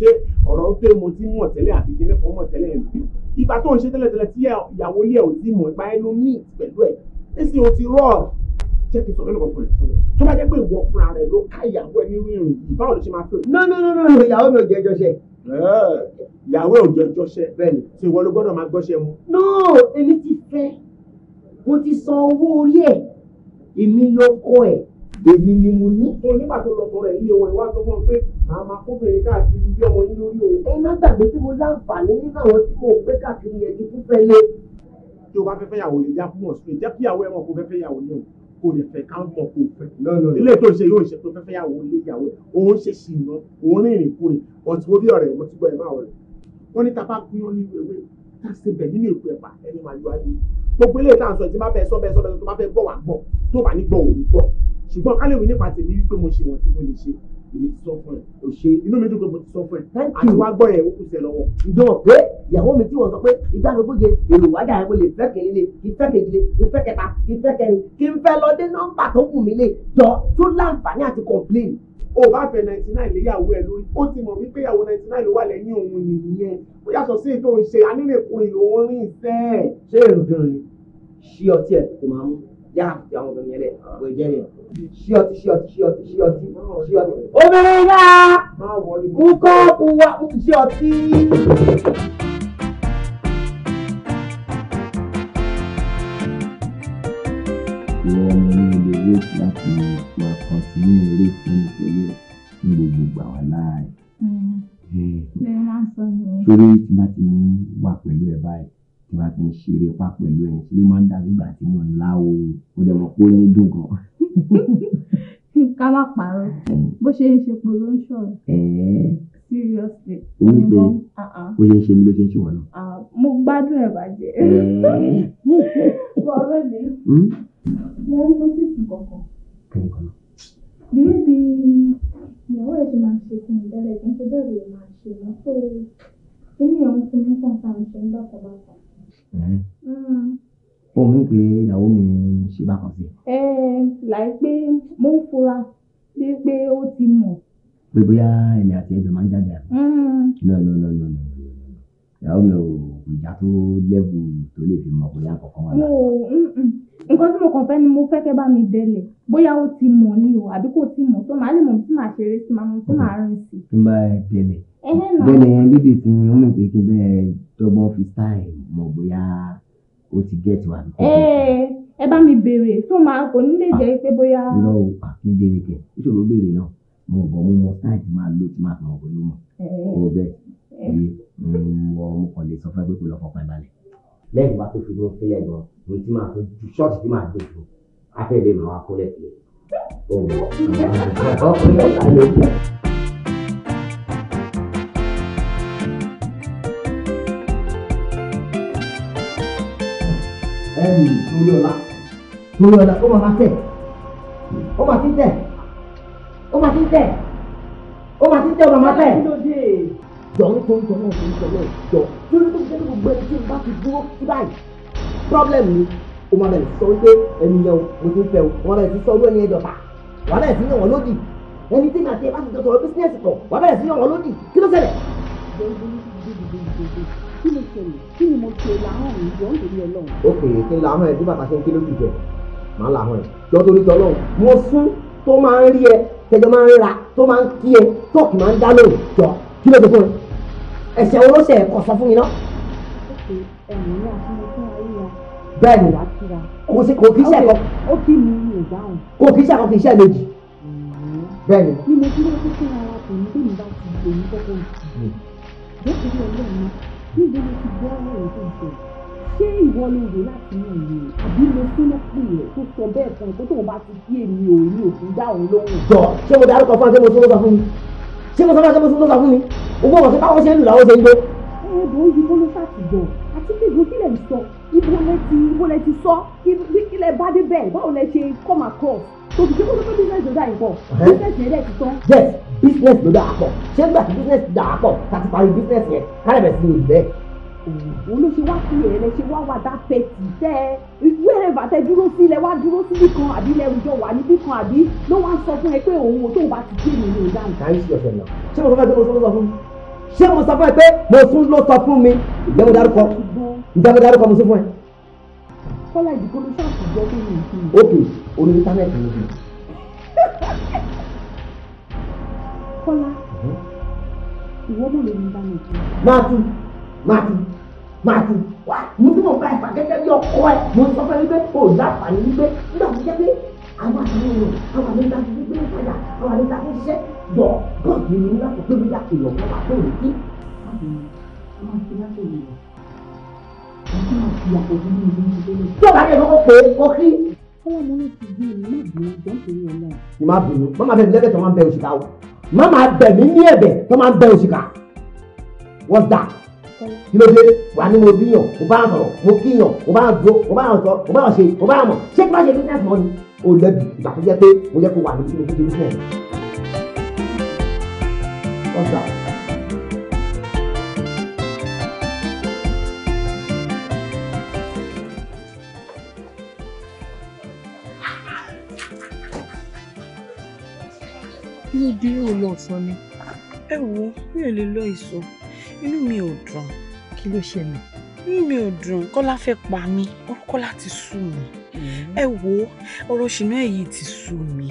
ṣé ọ̀rọ̀ ń pé mo ti mọ̀ tẹ́lẹ̀ àti kíní kan mọ̀ tẹ́lẹ̀ ń bí ìgbà tó ń ṣe tẹ́lẹ̀ tẹ́lẹ̀ tí ìyàwó ilé ẹ̀ ò ti mọ̀ ìgbà ẹnu ní pẹ̀lú ẹ̀ èsì ò ti rọ̀ jẹ́ kí n sọ fẹ́ lọ́kọ̀ fún ẹ tó bá jẹ́ pé ìwọ fúnra rẹ̀ ló ká ìyàwó ẹ nírú ìrìn yìí báwo ló ṣe máa fẹ́. no no no no ìyàwó mi ò jẹ́ jọ́ṣẹ́. Eh, ìyàwó ò jẹ́ jọ́ṣẹ́ bẹ́ẹ̀ ni tí ìwọ ló gbọ́dọ̀ máa gbọ́ṣẹ́ mu. no èmi ti fẹ́ mo ti san owó orí ẹ̀ èmi ló kọ́ ẹ̀ èmi ni mo ní. nígbà tó lọ sọ̀rọ̀ ẹ̀ yíyẹ wọn ìwà sọ pé àmà kóbìnrin káàkiri bí ọmọ yín lórí o. ẹ má gbàgbé tí mo láǹfààní nínú àwọn tí mo gbé káàkiri yẹn kí fún fẹlẹ. tí o bá fẹ́ fẹ́yàwó lè já fún ọ̀sùn jẹ́ kí ìyàwó ẹ̀ mọ̀ kó fẹ́ fẹ́yàwó náà kò lè fẹ́ ká mọ̀ kó fẹ́. ilé tó ń ṣe yóò ṣe pé fẹ́ fẹ́yàwó ilé ìyàwó òun ṣe sì ná òun rìn ìrìn kúrin ọ̀tí wo bí ọ̀rẹ́ mo ti gbọ́ ẹ̀ máa wọlé. wọ́n ní tapá pín ó ewé tá a ṣe bẹ̀ nínú èkó ẹ̀pà ẹni máa yọ ayé. gbogbo ilé ìta àǹsọ̀ tí bá fẹ́ sọ bẹ́ẹ̀ sọ bẹ́ẹ̀ tó bá fẹ́ gbọ́ wà gbọ́ tó bá ní gbọ́ òun gbọ́ ṣùgbọ́n kálíwì nípa tèmi wípé mo ṣe wọ̀n tí mo lè ṣe èmi ti sọ fún ẹ o ṣe inú mi dùn pé mo ti sọ fún ẹ àti wá gbọ́ yẹn o kù sí ẹ lọ́wọ́. ǹjọ́ pé ìyàwó mi tí wọ́n sọ pé ìdánilógóje èrò wájà ẹ̀ mo lè fẹ́ kéré lé kí fẹ́ kejì lé kí fẹ́ kẹta kí fẹ́ kẹrin kí n fẹ́ lọ dé nọ́mbà tó wù mí lé jọ tó láǹfààní àti complain. o bá fẹ́ ninety nine léyàwó ẹ lórí ó ti mọ̀ wípé ìyàwó ninety nine ló wà lẹ́yìn òun nìyẹn ó yàtọ̀ sí ètò ìṣe anílẹ̀kùn ìlò orin ìfẹ́. ṣé èrò yá àti àwọn obìnrin yẹn lẹ̀ kò jẹ́ yẹn. ṣí ọtí ṣí ọtí ṣí ọtí ṣí ọtí ṣí ọtí. obìnrin náà mú kọ́ọ̀pù wa mú ṣí ọtí. ìwọ ọmọ mi lè wait láti máa kọ́ntínú eré ìfúnni pẹ̀lú ní gbogbo gbà wá láàyè. sórí tí má ti wà pẹ̀lú ẹ̀ báyìí tí bá ti ń ṣeré pa pẹ̀lú ẹ̀yìn tí ló máa ń dàbí ìgbà tí mo ń lá oyin ó dẹ̀ mọ̀ pé ó ń dùn gan. ká má parọ́ bó ṣe ń ṣe pé ló ń ṣọ̀rọ̀. seriously. ó ní pé ó ṣe ń ṣe mí ló ṣe ń ṣe wọn náà. Ah, mo gbádùn ẹ̀ bàjẹ́. bọ́ọ̀rọ̀ mi hmm? mo ń lọ sí ìsìn kankan. bíbí ìyàwó ẹ̀ ṣe máa ṣe fún ìbẹ̀rẹ̀ kí n ṣe bẹ́ẹ̀ lè máa ṣe mọ́tò kí ni ìyàwó fún mi kàn sáà ń ṣe ń bàtàbàtà ó mú mm. pé ìyàwó mi ṣe bákan sí. ẹ láìpẹ́ mo ń fura bí pé ó ti mọ̀. pé bóyá èmi àti ẹjọ́ máa ń jáde àná. Mm. no no no no no ìyàwó mi ò ìjà tó lẹ́bù tó lè fi mọ̀ bóyá kankan wà lára. Mm, nǹkan tí mo kàn fẹ́ ni mo fẹ́ kẹ́ bá mi délẹ̀ bóyá ó ti mọ̀ ni o àbí kò ti mọ̀ tó màá lè mọ̀ tí màá ṣeré tí màá rìn sí. tí n bá délẹ̀ bẹ́ẹ̀ ni bíbí ti ń mú pé kí n bẹ́ẹ̀ tó mọ fi style mọ̀ bóyá ó ti gẹ̀ẹ́tì wà ní kókó. Eh, ẹ bá mi béèrè tó máa kò ní lè ah, jẹ́ pé bóyá. irọ́ o àfin béèrè kẹ̀ ìṣòro béèrè náà mo bọ̀ mo mọ style ti máa lo ti máa mọ̀ eh, eh. bóyá mọ̀. o bẹ́ẹ̀ ni mo kàn lè sọ fún ẹ pé kò lọ fọkàn balẹ̀. lẹ́yìn bá tó fi mú sílẹ̀ gan mo ti máa fún ṣọ́ọ̀ṣì tí máa dùn fún afẹ́ lè máa wá kólẹ̀ sí i. lórí ọlá lórí ọlá ó máa tẹ̀ ó máa ti tẹ̀ ó máa ti tẹ̀ ó máa ti tẹ̀ ó máa tẹ̀. jọ ń kó ń tọ́ náà ń tọ́ náà jọ lórí tó ń tẹ́lẹ̀ gbogbo ẹni tí n bá ti dúró sí báyìí problem ni ó máa bẹ̀rẹ̀ sọ wípé ẹni yẹn o mo ti ń fẹ́ o wọn bẹ̀rẹ̀ sí sọ wípé ẹni yẹn dọ̀tà wàhálà ẹ̀sìn yẹn wọn lódì ẹni tí màá ti ẹ bá ti jọ sọ̀rọ̀ bísíǹsì pọ̀ wàhálà ẹ̀sìn yẹn wọn lódì kí ló ṣẹlẹ̀ kí ló ṣẹlẹ̀ kí ni mo ṣe làwọn mi yọ nítorí ọlọ́run. ó pè é kí n làwọn ẹ bí bàtà ṣe ń kí ló dùjọ màá làwọn ẹ jọ torí tọlọ́run mo fún tó máa ń rí ẹ tẹjọ máa ń ra tó máa ń kí ẹ tọọkì máa ń dá lóhùn jọ kí ló dé fún ẹ ẹsẹ olóṣè ẹ kọ sọ fún mi ná. bẹ́ẹ̀ni kò sí kò kí iṣẹ́ kan kò kí iṣẹ́ kan kì í ṣe méjì bẹ́ẹ̀ni. ni mo dúró sí fún ara tèmi bí mi bá ti gbèyí kókó yìí níbo ló ti gbọ́ ọ̀rọ̀ tó ń sọ ṣé ìwọ ló rò láti inú ìlú àbí mo súnmọ́ pè é tó sọ bẹ́ẹ̀ fún un pé tóun bá ti kí èmi ò ní òfin dá òun lóhùn. jọ ṣé mo darúkọ fún ọ ṣé mo tún ló sọ fún mi ṣé mo sọ fún ọ ṣé mo tún ló sọ fún mi owó ọ̀sẹ̀ báwọn ṣe ń lù làwọn ṣe ń gbé. ẹ bò ó yí bó ló ṣàtìjọ àti pé ìbò kílẹ̀ ń sọ ibo lẹ ti ibo lẹ ti sọ ibo kílẹ̀ bá dé bẹ́ẹ̀ báwo lẹ ṣe come across òbí tí kò business ló dà yìí pọ̀ business yẹn dẹ̀ ti tán. yes business ló dà á pọ̀ ṣé gbà tí business dà á pọ̀ ká parí business yẹn kárẹ̀ bẹ̀ sí ní ìbẹ́. òun ló ṣe wá sí ẹ̀ lẹ ṣe wá wá dá pẹ̀tì tẹ́ ẹ wẹ́rẹ̀ bàtẹ́ dúró sí ilẹ̀ wá dúró síbì kan àbí ilẹ̀ ìjọ wà níbì kan àbí ló wá sọ fún ẹ pé òun ò tó bá ti dé nínú ìdáhùn. kàí sí ọ̀sẹ̀ náà ṣé mo sọ fún ẹ pé mo sọ fún mi ṣé mo sọ fún ẹ pé mo tún ló sọ fún mi ìjẹ́ mo dárúkọ ìjẹ́ mo dárúkọ mo sọ fún ẹ kọ́lá ìdìgbòlù ṣáàtì jẹ́ kí ni ìfì. ok orí íńtánẹ́ẹ̀tì ló fi. kọ́lá mhm. ìwọ mọ̀ lórí íńtánẹ́ẹ̀tì. máa tún máa tún máa tún wá mo tún mọ̀ bá ẹ̀fà gẹ́gẹ́ bí ọkọ ẹ̀ mo sọ fẹ́ wípé o ò dáfà ní wípé nígbà tó jẹ́ pé àwọn àtàwọn èèyàn àwọn àmì ìta ti gbé ìpadà àwọn àmì ìta ti ṣiṣẹ́ yọ bọ́ọ̀dù nínú láti pé bí dákìlọ̀ fún àpò òní kí tí ọ̀gá rẹ̀ lọ́kọ̀ pé ó kí. ọwọ́ mo ní ti bí mi má bínú jọ́ǹtì yẹn náà. mi má bínú má má bẹ mi lẹ́bẹ̀ẹ́ tó máa ń bẹ òṣìkà o má má bẹ mí ní ẹ̀bẹ̀ tó máa ń bẹ òṣìkà what's that kí ló dé wà ní mo bíyàn mo bá sọ̀rọ̀ mo kíyàn mo bá dúró mo bá sọ mo bá ṣe mo bá mọ̀ ṣé kí wọ́n ṣe business money o lẹ́bi ìgbà tó jẹ́ pé mo yẹ kó wà níbi tí mo fi ṣe business. what's that. níbi ò lọ ọ̀sán ni. ẹ wo mi ò lè lọ ìsọ inú mi ò dùn. kí ló ṣẹlẹ̀. inú mi ò dùn kọ́lá fẹ́ pa mí orúkọ láti sú mi. Mm-hmm. ẹ wo ọ̀rọ̀ ṣìnà èyí ti sú mi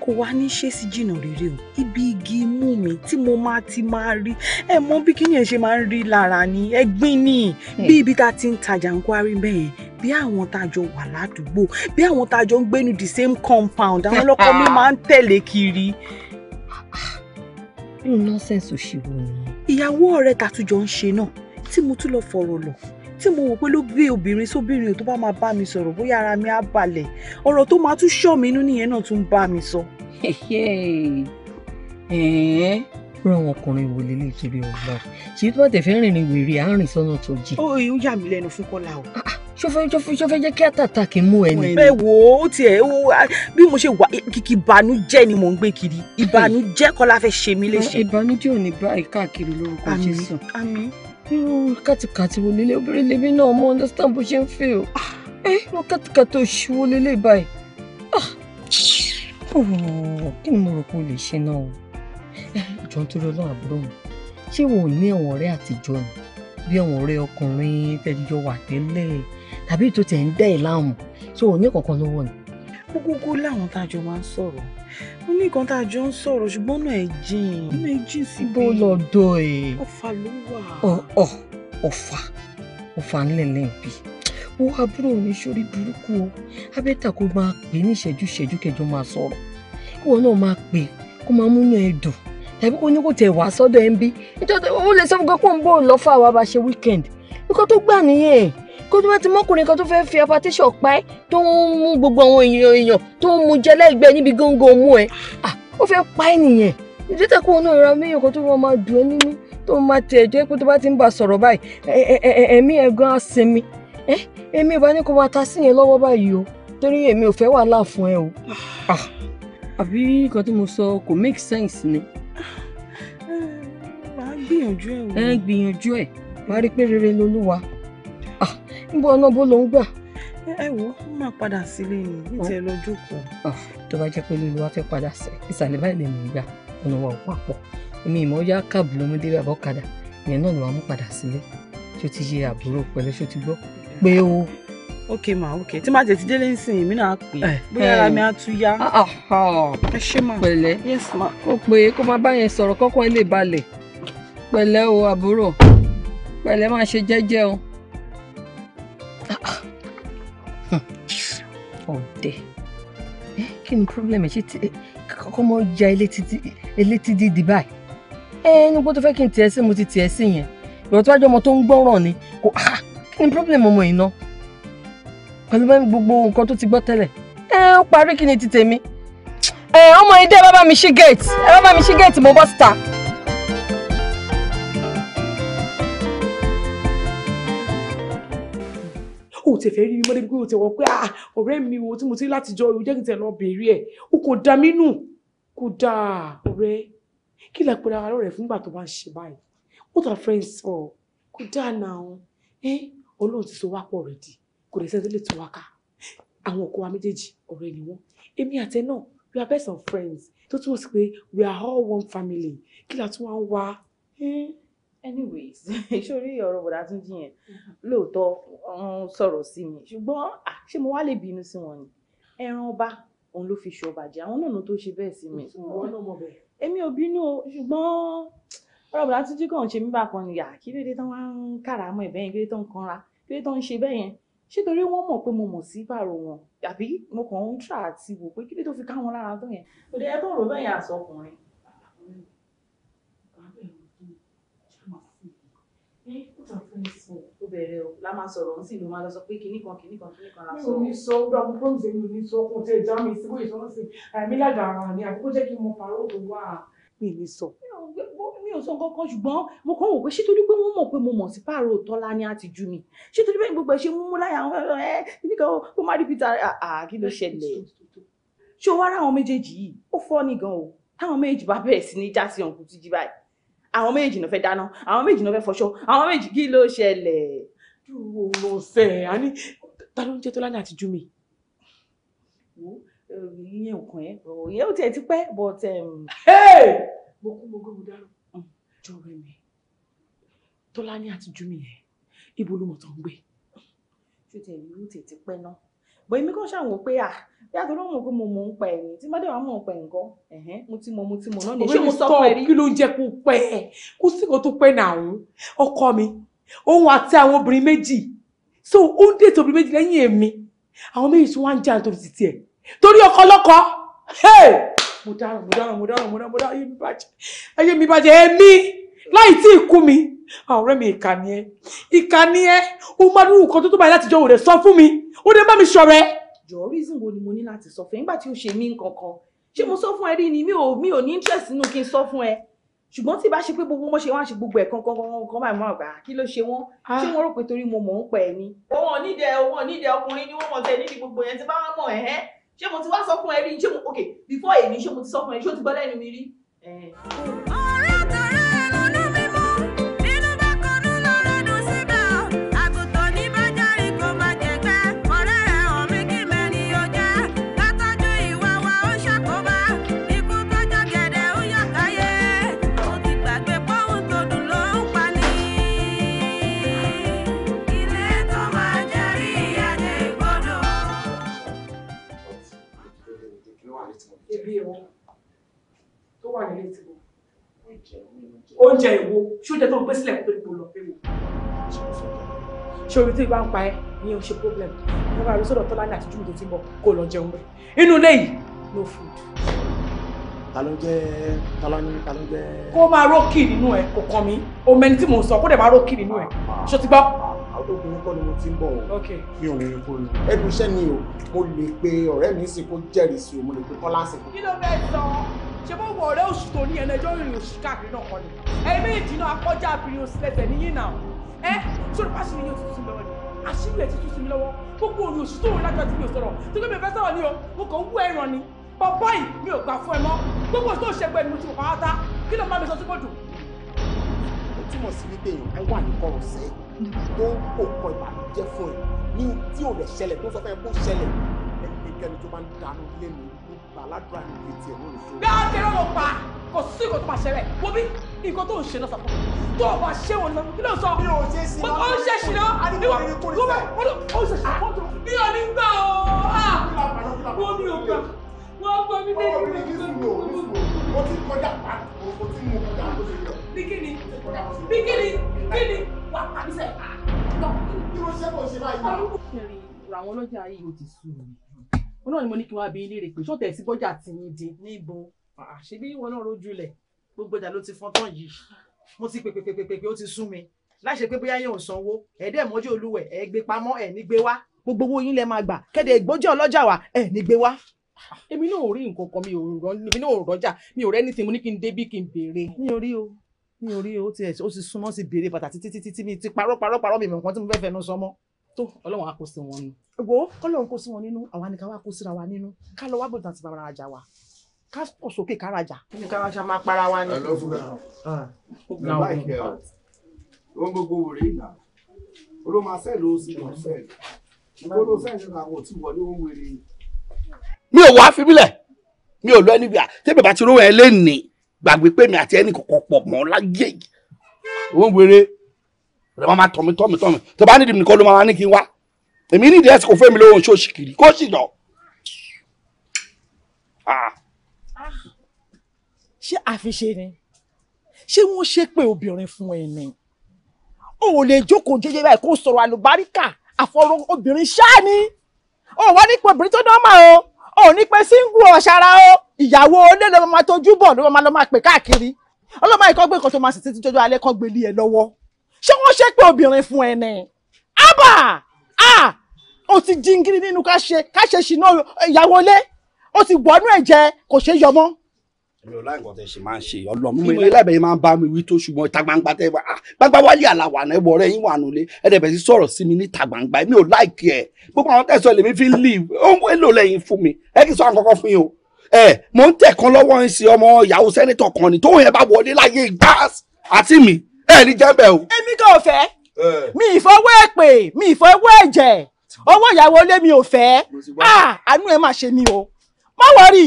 kò wá ní ṣe sí jìnnà rere o ibi igi imú mi tí mo máa ti máa rí ẹ mọ bí kíni ẹ ṣe máa ń rí lára ni ẹ̀gbin ni hmm. bí ibi tá a ti ń tajà ń kwari bẹ́ẹ̀ bí àwọn tá a jọ wà ládùúgbò bí àwọn tá ń gbénu the same compound àwọn ọlọ́kọ mi máa ń tẹ̀lé kiri irú nọ́sẹ̀nsì òṣèlú ni. ìyàwó ọ̀rẹ́ ta tún jọ ń ṣe náà tí mo tún lọ fọ̀rọ̀ lọ tí mo wò pé ló gbé obìnrin sóbìnrin tó bá máa bá mi sọ̀rọ̀ bóyá ara mi á balẹ̀ ọ̀rọ̀ tó máa tún ṣọ́ mi inú nìyẹn náà tún bá mi sọ. ẹ̀ẹ́ ràn wọn ọkùnrin wò lélẹ̀ torí ọgbà ṣèyí tó bá tẹ̀ fẹ́ rìnrìn wèrè à ń rìn sọ́nà tó jì. ó yà mí lẹ́nu fún Kọ́lá o. Ah, ah ṣọfẹ ṣọfẹ ṣọfẹ jẹ kí àtàtà kì í mú ẹ ni. ẹ wo ó tiẹ̀ ó bí mo ṣe wà kìkì ìbànújẹ́ ni mò ń gbé kiri ìbànújẹ́ kọ́ la fẹ́ ṣe mí léṣe. ìbànújẹ́ ò ní bá ìkáàkiri lórúkọ Jésù. Ami irú kàtìkàtì wo lélẹ̀ obìnrin lèmi náà mo understand bó ṣe ń fẹ́ o. Ah. ẹ wọ́n kàtìkàtì òṣù wo lélẹ̀ báyìí. Ah. kí ni mo rò pé o lè ṣe náà o. ìjọ ń torí ọlọ́run àbúrò mi ṣé wọn ò ní ẹ̀wọ̀n ọ̀rẹ́ àtijọ́ ni bí ẹ̀wọ̀n ọ̀rẹ́ ọkùnrin tẹ́jọ́ wà tẹ́lẹ̀ tàbí tó tẹ̀ ń dẹ́ ẹ̀ láàmú tó ò ní kankan lọ́wọ́ ni. gbogbo láwọn tá a jọ máa ń sọ̀rọ̀ ó ní nǹkan tá a jọ ń sọ̀rọ̀ ṣùgbọ́n náà ẹ̀ jìn náà ẹ̀ jìn sí bó lọ́dọ̀ ẹ̀. ọ̀fà ló wà. ọ̀ ọ̀fà ọ̀fà ńlẹ̀lẹ̀ bí wo àbúrò mi sórí burúkú o abẹ́tà kó máa pè ní ìṣẹ́jú ìṣẹ́jú kẹjọ máa sọ̀rọ̀ ìwọ náà máa pè kó máa múnú ẹ dùn tàbí kó ní kò tẹ̀ wá sọ́dọ̀ ẹ ń bí nítorí ó lè sọ fún gan pé òun bò lọ́fà wa bá ṣe wíkẹ́ndì nǹkan tó gbà nìyẹn kó tó bá ti mọ́kùnrin kan tó fẹ́ fi apatíṣọ̀ pa ẹ́ tó ń mú gbogbo àwọn èèyàn èèyàn tó ń mu jẹ lẹ́gbẹ̀ẹ́ níbi góńgó mú ẹ ó fẹ́ pa ẹ́ nìyẹn ìdíjẹ́ kó náà ra méyàn kan tó rọ máa dùn ẹ́ nínú tó máa tẹ̀ jẹ́ pé tó bá ti ń bá sọ̀rọ̀ báyìí ẹ̀mí ẹ̀ gan á sinmi èmi ò bá ní kó máa ta sí yẹn lọ́wọ́ báyìí o torí èmi ò fẹ́ wàhálà fún ẹ o ah, àbí nǹkan tí mo sọ kò make sense ni. màá gbìyànjú ẹ o. ẹ gbìyànjú ẹ wàá rí i pé rere lolúwa níbo ọ̀nà bó ló ń gbà. ẹ wo ó máa padà sílé ni ní tiẹ̀ lọ jókòó. Ah, tó bá jẹ́ pé lílo wa fẹ́ padà sí ìsàlẹ̀ báyìí lè mú gbà ọ̀nà wa ò papọ̀ èmi ìmọ̀ yá káàbù lọ́mọdé bàbá ọ̀kadà ìyẹn náà ló wà mú padà sílé tó ti yẹ àbúrò pẹ̀lú tó ti gbọ́ pé ó. ok ma ok tí màá tètè délé nsìn mí náà pè é eh, bóyá ara eh. mi á tún yá. Ah, ah, ẹ ṣe ma pẹ̀lẹ́ yes ma. ó pé kó má bá yẹn sọ̀rọ̀ kọ́kọ́ ẹ lè balẹ̀ pẹ̀lẹ́ o àbúrò pẹ̀lẹ́ má ṣe jẹ́jẹ́ o. ọ̀dẹ̀ kí ni problem ẹ̀ ṣe kọ́kọ́ mọ́ ya elétí dídì báyìí ẹni gbọ́dọ̀ fẹ́ kí n tiẹ̀ sí mo ti tiẹ̀ sí yẹn ìwọ̀n tó bá jẹ́ ọmọ tó ń gbọ́ràn ni kò á kí ni problem ọmọ yìí ná pẹ̀lú bẹ́ẹ̀ gbogbo nǹkan tó ti gbọ́ tẹ́lẹ̀ ẹ ó parí kí ni ti tèmi ẹ ọmọ yìí dẹ́ bá bá mi ṣí gate ẹ mi ṣí gate mo bọ́ síta. o tẹ fẹ́ rí mi mọ́lẹ́bí pé o tẹ wọ́n pé ah ọ̀rẹ́ mi o tí mo ti láti jọ o jẹ́ kí n tẹ̀ lọ bèèrè ẹ̀ o kò dá mi nù kò dáa ọ̀rẹ́ kí lè pe ara rẹ̀ fúngbà tó bá ń ṣe báyìí what are friends for kò dáa náà ẹ ọlọ́run ti so wá pọ̀ rẹ̀ di kò lè sẹ́ńtẹ́lẹ̀ tó wá ká àwọn ọkọ wa méjèèjì ọ̀rẹ́ ni wọ́n èmi àtẹ náà we are best of friends tó túmọ̀ sí pé we are all one family kí lè tún wá ń wá anyways sórí ọ̀rọ̀ bọ̀dá tún jí yẹn mm-hmm. lóòótọ́ wọ́n sọ̀rọ̀ sí mi ṣùgbọ́n ṣé mo wá lè bínú sí wọn ni ẹran ọba òun ló fi ṣọba jẹ àwọn náà tó ṣe bẹ́ẹ̀ sí mi. èmi ò bínú o ṣùgbọ́n ọ̀rọ̀ bọ̀dá tún jí kàn ṣe mí bákan ni yà kí lédè tán wá ń kára mọ́ ẹ̀bẹ́ yẹn kí lédè tán ń kanra kí lédè tán ń ṣe bẹ́ẹ̀ yẹn ṣé torí wọ́n mọ̀ pé mo mọ̀ sí pààrọ̀ wọn àbí mo kàn ń tà àti wò pé kí lédè tó fi ká wọn lára tó yẹn kò dé ẹ bọ̀rọ̀ bẹ́ẹ̀ yẹn àsọkùnrin o la máa sọ̀rọ̀ nsìn ló máa lọ sọ mi ò sọ nǹkan kan ṣùgbọ́n mo kàn wò pé ṣé torí pé wọ́n mọ̀ pé mo mọ̀ sí pààrọ̀ òótọ́ ni a ti ju mi ṣé torí bẹ́ẹ̀ gbogbo ẹ̀ ṣe mú láyà àwọn ẹ̀ nígbà ó má rí peter kí ló ṣẹlẹ̀ ṣé o wá ráwọn méjèèjì yìí ó fọ́ ní o táwọn méjèèjì bá bẹ̀rẹ̀ sí ní já sí ọ̀nkú jí báyìí àwọn méjì ló fẹ́ dáná àwọn méjì ló fẹ́ fọṣọ àwọn méjì kí ló ṣẹlẹ̀ mo sẹ̀ á ní ta ló ń àti Júmi. ìyẹn nǹkan ẹ ìyẹn ò tiẹ̀ ti pẹ́ but. mo kú mo gbé dáná. Mm, jọ̀wọ́ mi Tọ́lání àti Júmi yẹn ibo ló mọ̀ tó ń gbé. ṣé tẹ̀lé tètè pẹ́ náà bọ̀ èmi kàn ṣàwọn pé à bí àtọ́ lóhùn pé mo mọ̀ ń pa ẹ̀yìn tí mọ́dé wa mọ̀ ń pa ẹ̀ǹkọ́ ẹ̀hẹ́n mo ti mọ̀ mo ti mọ̀ náà nìyẹn. ṣé mo sọ pé kí ló ń jẹ́ kó pẹ́ ẹ̀ kó sì kó tó pẹ́ náà ọkọ mi òun àti àwọn obìnrin méjì so ó ń dètò obìnrin méjì lẹ́yìn èmi àwọn méjì tí wọ́n á ń jà nítorí títí ẹ̀ torí ọkọ lọ́kọ mo dáràn mo dáràn mo dáràn mo dáràn mo mi bàjẹ́ ayé mi bàjẹ́ ẹ̀mí láì tí ì kú mi ọ̀rẹ́ mi ìkà ni ẹ́ ìkà ni o máa dúró nǹkan tó tó báyìí láti jọ òde sọ fún mi ó dé bá mi ṣọ̀rẹ́. jọ̀ọ́ reason wo ni mo ní láti sọ fún ẹ nígbà tí o ṣe mí nǹkan kan ṣé mo sọ fún ẹ rí ni mi ò mi ò ní interest nínú kí n sọ fún ẹ ṣùgbọ́n tí ìbá ṣe pé gbogbo wọn ṣe wá ṣe gbogbo ẹ̀ kankan kankan báyìí máa gbà kí ló ṣe wọ́n ah. ṣé wọ́n rò pé torí mo mọ̀ ń pẹ̀ ni. wọn ò ní dẹ wọn ò ní dẹ ọkùnrin ni wọn mọ̀ tẹ nídìí gbogbo yẹn tí bá wọn mọ̀ ẹ̀ ṣé mo ti wá sọ fún ẹ rí wà nílé tìbò oúnjẹ ìwo ṣóúnjẹ tó gbé sílẹ̀ pé kò lọ pé wò. ṣòro tí ìbá ń pa ẹ ní o ṣe problem mo máa lọ sọ́dọ̀ tọ́lá ní àtijọ́ ìdòtí bọ̀ kó lọ jẹun bẹ́ẹ̀ inú ilé yìí no food. ta ló jẹ́ ta ló ní ta ló jẹ́. kó máa rókì nínú ẹ kò kàn mí omi ẹni tí mò ń sọ kó dẹ̀ máa rókì nínú ẹ ṣó ti gbọ́ obìnrin kọ́ ni mo ti ń bọ̀ ọ́ mi ò rìn kó lù ẹnu iṣẹ́ lè pe kó lè pe ṣé bó wọ ọ̀rẹ́ oṣù tó ní ẹnẹjọ́ ìrìn oṣù káàkiri náà kọ́ ni ẹ̀yin méjì náà akọ́jà abirin oṣù lẹ́sẹ̀ níyìn náà ẹ sọ̀rọ̀ bá ṣe ní yóò tuntun lọ́wọ́ ni àṣírí ẹ̀ ti tuntun mi lọ́wọ́ gbogbo òrùn oṣù tó ń rájọ tí mi ò sọ̀rọ̀ tó gbé mi fẹ́ sọ̀rọ̀ ni o mo kàn wú ẹran ni bọ́bọ́ yìí mi ò gbà fún ẹ mọ́ gbogbo oṣù tó ṣe pé mo ti wà á ta kí ló máa mi sọ sí bòdù. ó túmọ̀ sí wípé èèyàn wà ní kọ́rọ̀ sẹ́ tó ń kó kọ ìbànújẹ́ fún ẹ ní tí ò rẹ̀ ṣẹlẹ̀ tó sọ fẹ́ kó ṣẹlẹ̀ ẹnikẹ́ni tó bá ń dànù lẹ́nu aládùúrà níbi tí ẹ̀ mú mi fún. bí a kẹrẹ ló pa kò sí nǹkan tó máa ṣẹlẹ̀ wo bí nǹkan tó ń ṣe náà sàpọ̀ tó o bá ṣe wọn lọ́wọ́ kí ló sọ. mi ò ṣe sí náà ó ṣe sí náà ìwà gómẹ ó ló ó ṣe sí náà mi ò ní gbà ah! ó wọ́n mi ò gbà wọ́n gbọ́ mi lé ní oh, ìlú. Oh, oh. o ti kọjá pa o ti mú kọjá o ti yọ. bí kíni bí kíni kíni wà á bí sẹ́yìn. Ah, kí ló ṣe kò ṣe báyìí. ra àwọn ọlọ́jà yìí ó ti sú mi wọn náà ni mo ní kí wọn abẹ ilé rè pé sọtẹ sí bọjà tì yín di. níbo àṣebí ah, ah, wọn náà rojú lẹ gbogbo ìjà ló ti fọn tán yìí mo ti pèpèpèpè ó ti sún mi láṣẹ pé bóyá yẹn ò sanwó ẹ̀ẹ́dẹ̀ mọ́jú olúwẹ̀ ẹ̀ gbé pamọ́ ẹ̀ ní gbé wá. gbogbo owó yín lẹ máa gbà kéde ìgbójú ọlọ́jà wa ẹ̀ ní gbé wá. èmi náà ò rí nǹkan kan mi ò rọ èmi náà ò rọjà mi ò rẹ́ni tí mo ní kí n débí kí n béèrè. mi ò rí o mi ò rí o ó ti súnmọ́ sí béèrè bàtà títí títí mi ti parọ́ parọ́ parọ́ mi mọ̀ nǹkan tí mo fẹ́ fẹnu sọmọ́ tó ọlọ́run á kó sí wọn ni wo kọ́lọ̀ ń kó sí wọn nínú àwa ni ká wá kó síra wa nínú ká lọ wá bọ̀dà àti bàbá ara jà wa ká pọ̀ sókè ká rajà. kí ni ká wá ṣe máa para wa ni. Ah. ẹ lọ fún mi náà ìkẹ́ ọ ohun gbogbo wòrè ìlà olóò máa sẹ́ẹ̀lì ó sì lọ sẹ́ẹ̀lì olóò sẹ́ẹ̀lì náà àwọn ò tí wọlé ó ń wèrè. mi ò wá fi mi ò lọ ẹni bíi àtẹ́bẹ̀ bá ti rówó ẹ lẹ́nìí gbàgbé pé mi àti ẹnì kọ̀ọ̀kan pọ̀ mọ́ láyé òun wèrè rẹ̀ máa tọ̀mítọ̀mítọ̀mí tó bá nídìí nìkan ló máa ní kí n wá èmi nídìí ẹsẹ kò fẹ́ mi lóhùn ṣóòṣì kiri kó sì lọ. Ah. ṣé àfiṣe ni ṣé wọ́n ṣe pé obìnrin fún ẹ ni o ò lè jókòó jẹ́jẹ́ báyìí kó sọ̀rọ̀ àlùbáríkà àfọ̀rọ̀ obìnrin ṣáà ni o wá nípa obìnrin tó dán máa o ò ní pẹ́ síngù ọ̀ṣara o ìyàwó olé ló máa tójú bọ̀ ló máa lọ máa pè káàkiri ọlọ́mọ ìkọ́ gbé nǹkan tó máa sì ti jọjọ alẹ́ kan gbélé ẹ lọ́wọ́ ṣé wọ́n ṣe pé obìnrin fún ẹ ni ábà. Ah! ó ti jíngiri nínú ká ṣe ká ṣe ṣìnà ìyàwó lé ó ti wọnú ẹ̀jẹ̀ kò ṣe yọmọ. èmi ò láì nǹkan tẹ ṣe máa ń ṣe ọlọmọ mi láìpẹ́ yẹn máa ń bá mi wí tó ṣùgbọ́n ìta gbangba tẹ bá ah! gbangba wálé àlàwà náà ẹwọ rẹ yín wà nulẹ ẹdẹbẹ sí sọ̀rọ̀ sí mi níta gbangba èmi ò láìkí ẹ gbogbo àwọn tẹsán lèmi fi ń lì ó ń lò lẹ́yìn fún mi ẹ kì í sọ àwọn kọkọ fún yín o ẹ mò ń tẹ̀kan lọ́wọ́ ń ṣe ọmọ ìyàwó sẹ́nitọ̀ ni tóun yẹn bá mi ẹ Eh. mi ìfọwọ́ èpè mi ìfọwọ́ ẹ̀jẹ̀ owó ìyàwó ilé mi ò fẹ́ ah, àánú ẹ̀ máa ṣe mi o má wọrí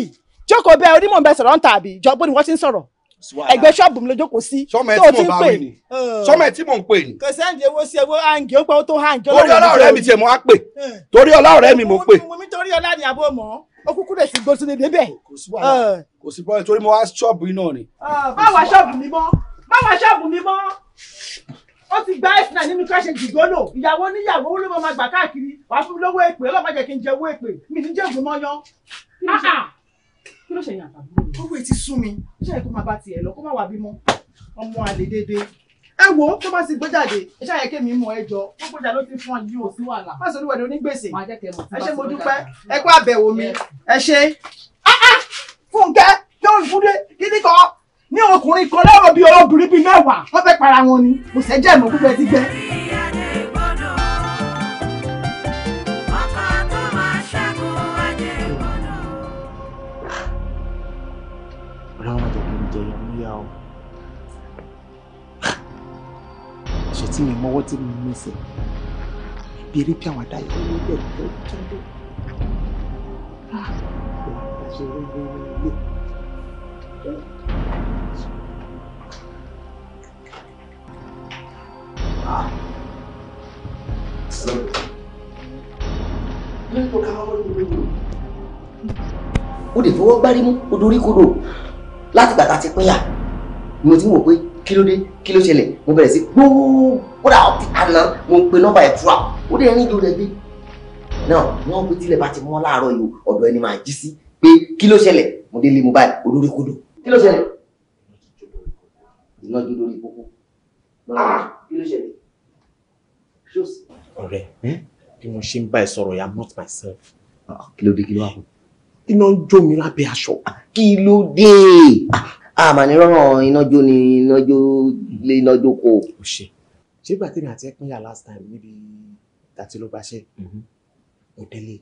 jókòó bẹ́ẹ̀ onímọ̀ bẹ́ẹ̀ sọ̀rọ̀ ń tàbí ìjọba ni wọ́n ti ń sọ̀rọ̀ ẹgbẹ́ ṣọ́ọ̀bù mi ló jókòó sí tó ti ń pè ní. Eh. sọmọ ẹ tí mò ń pè ní. kò sẹ́ǹdì owó sí owó àǹgì ó pẹ́ ó tó àǹgì ọlọ́run. Eh. torí ọlá ọ̀rẹ́ mi tiẹ̀ mo á pè torí ọlá ọ̀rẹ́ mi mo pè. mo mi torí ọlá ni àbó mọ́ ó kúkú lè sí gbósùn ní débẹ̀. kò sí wàhálà kò sí pọ́n torí mo wá ṣọ́ọ̀bù iná ni. má ah, wá ṣọ́ọ̀bù mi mọ́ má wá ṣọ́ọ̀bù mi mọ́ ó ti gba ẹ̀sìnà nínú ká ṣe jìgbónò ìyàwó oníyàwó ló máa gbà káàkiri wàá fún mi lówó èpè ọlọ́pàá jẹ́ kí n jẹ owó èpè mi ní jẹ́gun mọ́ yán. kí ló ṣe yàn àtàbúrò mi. owó etí sún mi ó ṣe kó máa bá tiẹ̀ lọ kó má wà bímọ ọmọ àlè dédé. ẹ wo tó bá ti gbé jáde ẹ ṣáà yẹ kí mi mọ ẹ jọ gbogbo ìjà ló ti fún ọ yìí ò sí wàhálà. má sọ olúwẹ̀dẹ̀ onígbèsè ẹ ṣé mo dúpẹ́ ẹ kó àbẹ̀wò mi ẹ ṣé. fúnkẹ́ yóò fúnde kíní kan ní ọkùnrin kan lọ́rọ̀ bíi ọlọ́bìnrin bíi mẹ́wàá wọ́n fẹ́ para wọn ni kò sẹ́jẹ́ ìmọ̀ pípẹ́ ti gbẹ. ṣe tí mi mọ́wọ́ tí mi mẹ́sẹ̀ bí eré bí àwọn adáyọ̀ ló bẹ̀rẹ̀ tó jáde. Ah, ìwà àṣẹ ló ń gbé ní ilé. ó lè fọwọ́ gbárí mú odoríkodò láti gbàgbà ti pínyà mo ti wò pé kí ló dé kí ló ṣẹlẹ̀ mo bẹ̀rẹ̀ sí gbóògbóra ọ̀tí àná mo pe nọ́mbà ẹ̀ fúra ó dẹ̀ rìn ìjọ rẹ̀ gbé náà wọ́n pe tílẹ̀ bá ti mọ́ láàárọ̀ yìí ọ̀dọ̀ ẹni máa jí sí pé kí ló ṣẹlẹ̀ mo dé lé mo ọ̀rẹ́ hmm? bí mo ṣe ń bá ẹ sọ̀rọ̀ yà not myself. Ah, ah, kí ló dé kí ló wà fún. iná ń jó mi lábẹ́ aṣọ. Ah, kí ló dé àmàlérọ̀ràn iná jó ni iná jó lé iná jó kó. o ṣe ṣé ìgbà tèmi àti ẹ pínyà last time níbi tàti ló bá ṣe mm-hmm. mo délé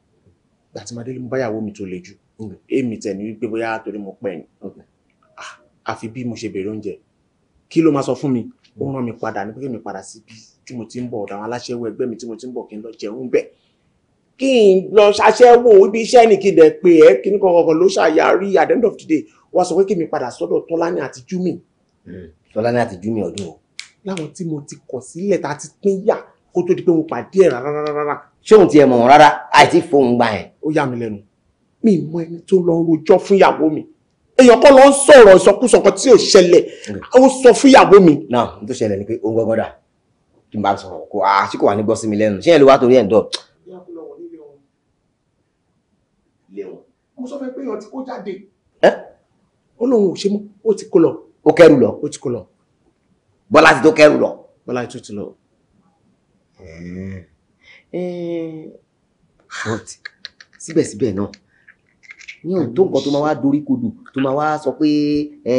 ìgbà tí mo délé mo báyàwó mi tó le jù mm-hmm. èmi tẹ̀ ní wípé bóyá torí mo pẹ̀ ni àfi bí mo ṣe bèrè oúnjẹ kí ló máa sọ fún mi ó mm-hmm. rán mi padà ní pé mi padà sí bíi tí mo ti ń bọ̀ ọ̀dọ̀ àwọn aláṣẹwó ẹgbẹ́ mi tí mo ti ń bọ̀ kí n lọ jẹun bẹ̀ kí n lọ ṣaṣẹ́wó ibi iṣẹ́ ní kí n dẹ̀ pé ẹ́ kí ní kankan ló ṣàyàrí at the end of the day wọ́n sọ pé kí mi padà sọ́dọ̀ tọ́lání àti júmì. Hmm, tọ́lání àti júmì ọdún o. láwọn tí mo ti kọ̀ sílẹ̀ tá a ti pín yà kó tó di pé mo pàdé ẹ̀ rárá rárá. ṣé òun ti ẹ̀ mọ̀ wọn rárá àìsí fóun gbà yẹn. ó yà mí lẹ́nu mi mọ ẹni tó lọ rojọ́ fún ìyàwó mi èèyàn kọ́ lọ ń sọ̀rọ̀ ìsọkúsọ kan tí ò ṣẹlẹ̀ hmm. ó sọ fún mi. náà n tó ṣẹlẹ̀ ni pé ó ń gbọ́gbọ́dà kí n bá sọ̀rọ̀ kó àti kò wà ní gbọ́ sí mi lẹ́nu ṣé ẹ lè wá torí ẹ̀ ń dọ̀. mo sọ fẹ́ pé èèyàn ti kó jáde. ẹ ó lóun ò ṣe mọ́ ó ti kó lọ. ó kẹ́rù lọ. ó ti kó lọ. bọ́lá ti tó kẹ́rù lọ. bọ́lá ti tó ti lọ. síbẹ̀síbẹ̀ náà ní òtó nǹkan tó máa wá dorí kodò tó máa wá sọ pé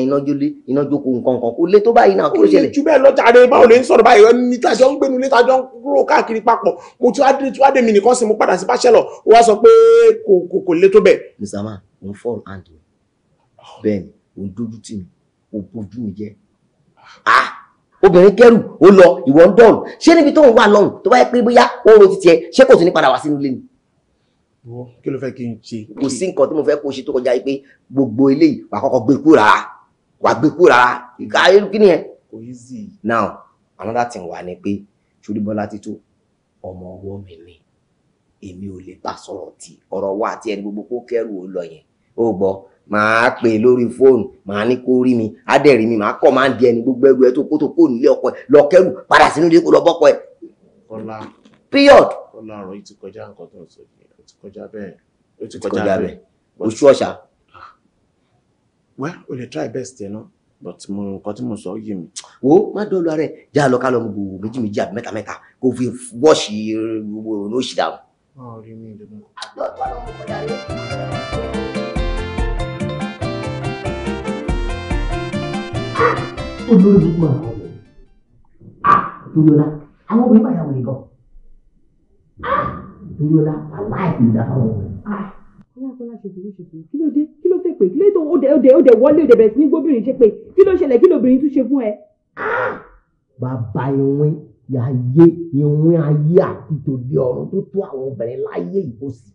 ìnájólé ìnájókòó nǹkan nǹkan kó lé tó báyìí náà kó ṣẹlẹ̀. jù bẹ́ẹ̀ lọ́jà rẹ báwo lè ń sọ̀rọ̀ báyìí ẹni tí a jọ ń gbénu ilé tí a jọ ń rò káàkiri papọ̀ mo ti wá dé tí wá dé mi nìkan sí mo padà sí bachelor ó wá sọ pé kò kò kò lé tó bẹ́ẹ̀. mr man òun fall hand mi bẹ́ẹ̀ ni òun dójú tì mí o bójú mi jẹ́ ah obìnrin kẹrù ó lọ ìwọ ń dọ̀rùn ṣé níbi tóun wà lọ́hùn tó bá yẹ pé bóyá ó ń ro titi ẹ ṣé kò tún ní padà wá sínú ilé ni kí ló fẹ́ kí n ṣe. kò sí nǹkan tí mo fẹ́ kó ṣe tó kọjá yìí pé gbogbo eléyìí wà kọ́kọ́ gbé kúrà wà gbé kúrà ìka kí ni ẹ. kò yí sí. now another thing wà ni pé ṣùgbọ́n Bọ́lá Tító ọmọ ọwọ́ mi ni èmi ò lè bá sọ̀rọ̀ tí ọ̀rọ̀ wa àti ẹni gbogbo kó kẹ́rù ó lọ yẹn ó gbọ́ màá pè lórí fóònù màá ní kó rí mi á dẹ̀ rí mi màá kọ́ máa ń di ẹni gbogbo ẹrù ẹ tó kó tó kó nílé ọkọ ẹ lọ kẹ́rù padà sínú ilé kó lọ bọ́kọ ẹ. Bọ́lá period. Bọ́lá yìí ti kọjá nǹkan tó ń sọ yìí ti well try best you know. but mo nǹkan tí mo sọ yé mi. wo má dọ́ọ̀lù ara ẹ̀ já lọ ká lọ gbò méjì méjì àbí mẹ́ta mẹ́ta kó fi wọ́ọ̀ṣì gbogbo òun ó ṣì dà. ọ̀rẹ́ mi ìdè mọ́. àgbọ̀dọ̀ ló ń kọjá lé. ó dúró ní gbogbo àwọn ọ̀rẹ́. a dúró la àwọn obìnrin dúró la aláìsí ìdáhùn rẹ̀. Kọ́lá ṣètìlú ṣètìlú kí ló dé kí ló fẹ́ pé kí ló dé òde òde òde wọlé òde bẹ̀rẹ̀ sí ní gbóbìnrin ṣe pé kí ló ṣẹlẹ̀ kí lóbìnrin tún ṣe fún ẹ. Ah! Bàbá ìwín yàyé ìwín ayé àti tòde ọ̀run tó tó àwọn obìnrin láyé ìbòsí.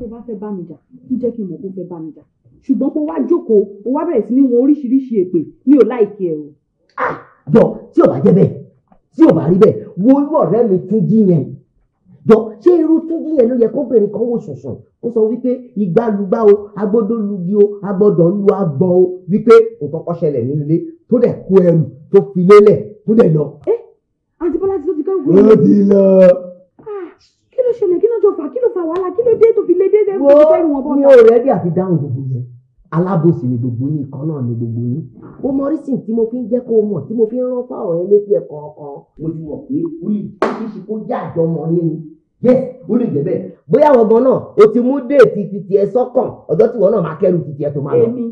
Tó bá fẹ́ bá mi jà, ń jẹ́ kí n mọ̀ kó fẹ́ bá mi jà. Ṣùgbọ́n kó wá jókòó, ó wá bẹ̀rẹ̀ sí ní wọn oríṣiríṣi èpè mi ò láìkí ẹ̀ o. Ah! Jọ tí ò bá jẹ́ bẹ́ẹ̀ tí ò bá rí bẹ́ẹ̀ wo irú ọ̀rẹ́ mi tún jí yẹn jọ ṣé irú túndí yẹn ló yẹ kóbìnrin kan wò sùnsùn ó sọ wípé ìgbàlùgbà o agbódólugi o agbọ́dọ̀ lu agbọ o wípé nǹkan kan ṣẹlẹ̀ nínú ilé tó dẹ̀ kó ẹrù tó fi lélẹ̀ tó dẹ̀ lọ. ẹ àǹtí bọ́lá ti tó ti kẹ́rù kúrò. ó ti lọ. Ah, kí ló ṣẹlẹ̀ kí ló jọ fà kí ló fà wàhálà kí ló dé tó fi lé dé dé. wo mi ò rẹ́dí àti dáhùn gbogbo yẹn alábòsí ni gbogbo yín kan náà ni gbogbo yín ó mọ orísìn tí mo fi ń jẹ́ kó o mọ̀ tí mo fi ń rán fáwọn ẹ létí ẹ̀ kọ̀ọ̀kan mo ti mọ̀ pé o lè ṣe é ṣe kó jẹ́ àjọmọ̀ yín ni yes o lè jẹ́ bẹ́ẹ̀. bóyá wọ́n gan náà o ti mú déètì titi ẹ sọ́kàn ọjọ́ tí wọ́n náà máa kẹ́rù titi ẹ tó máa lọ. èmi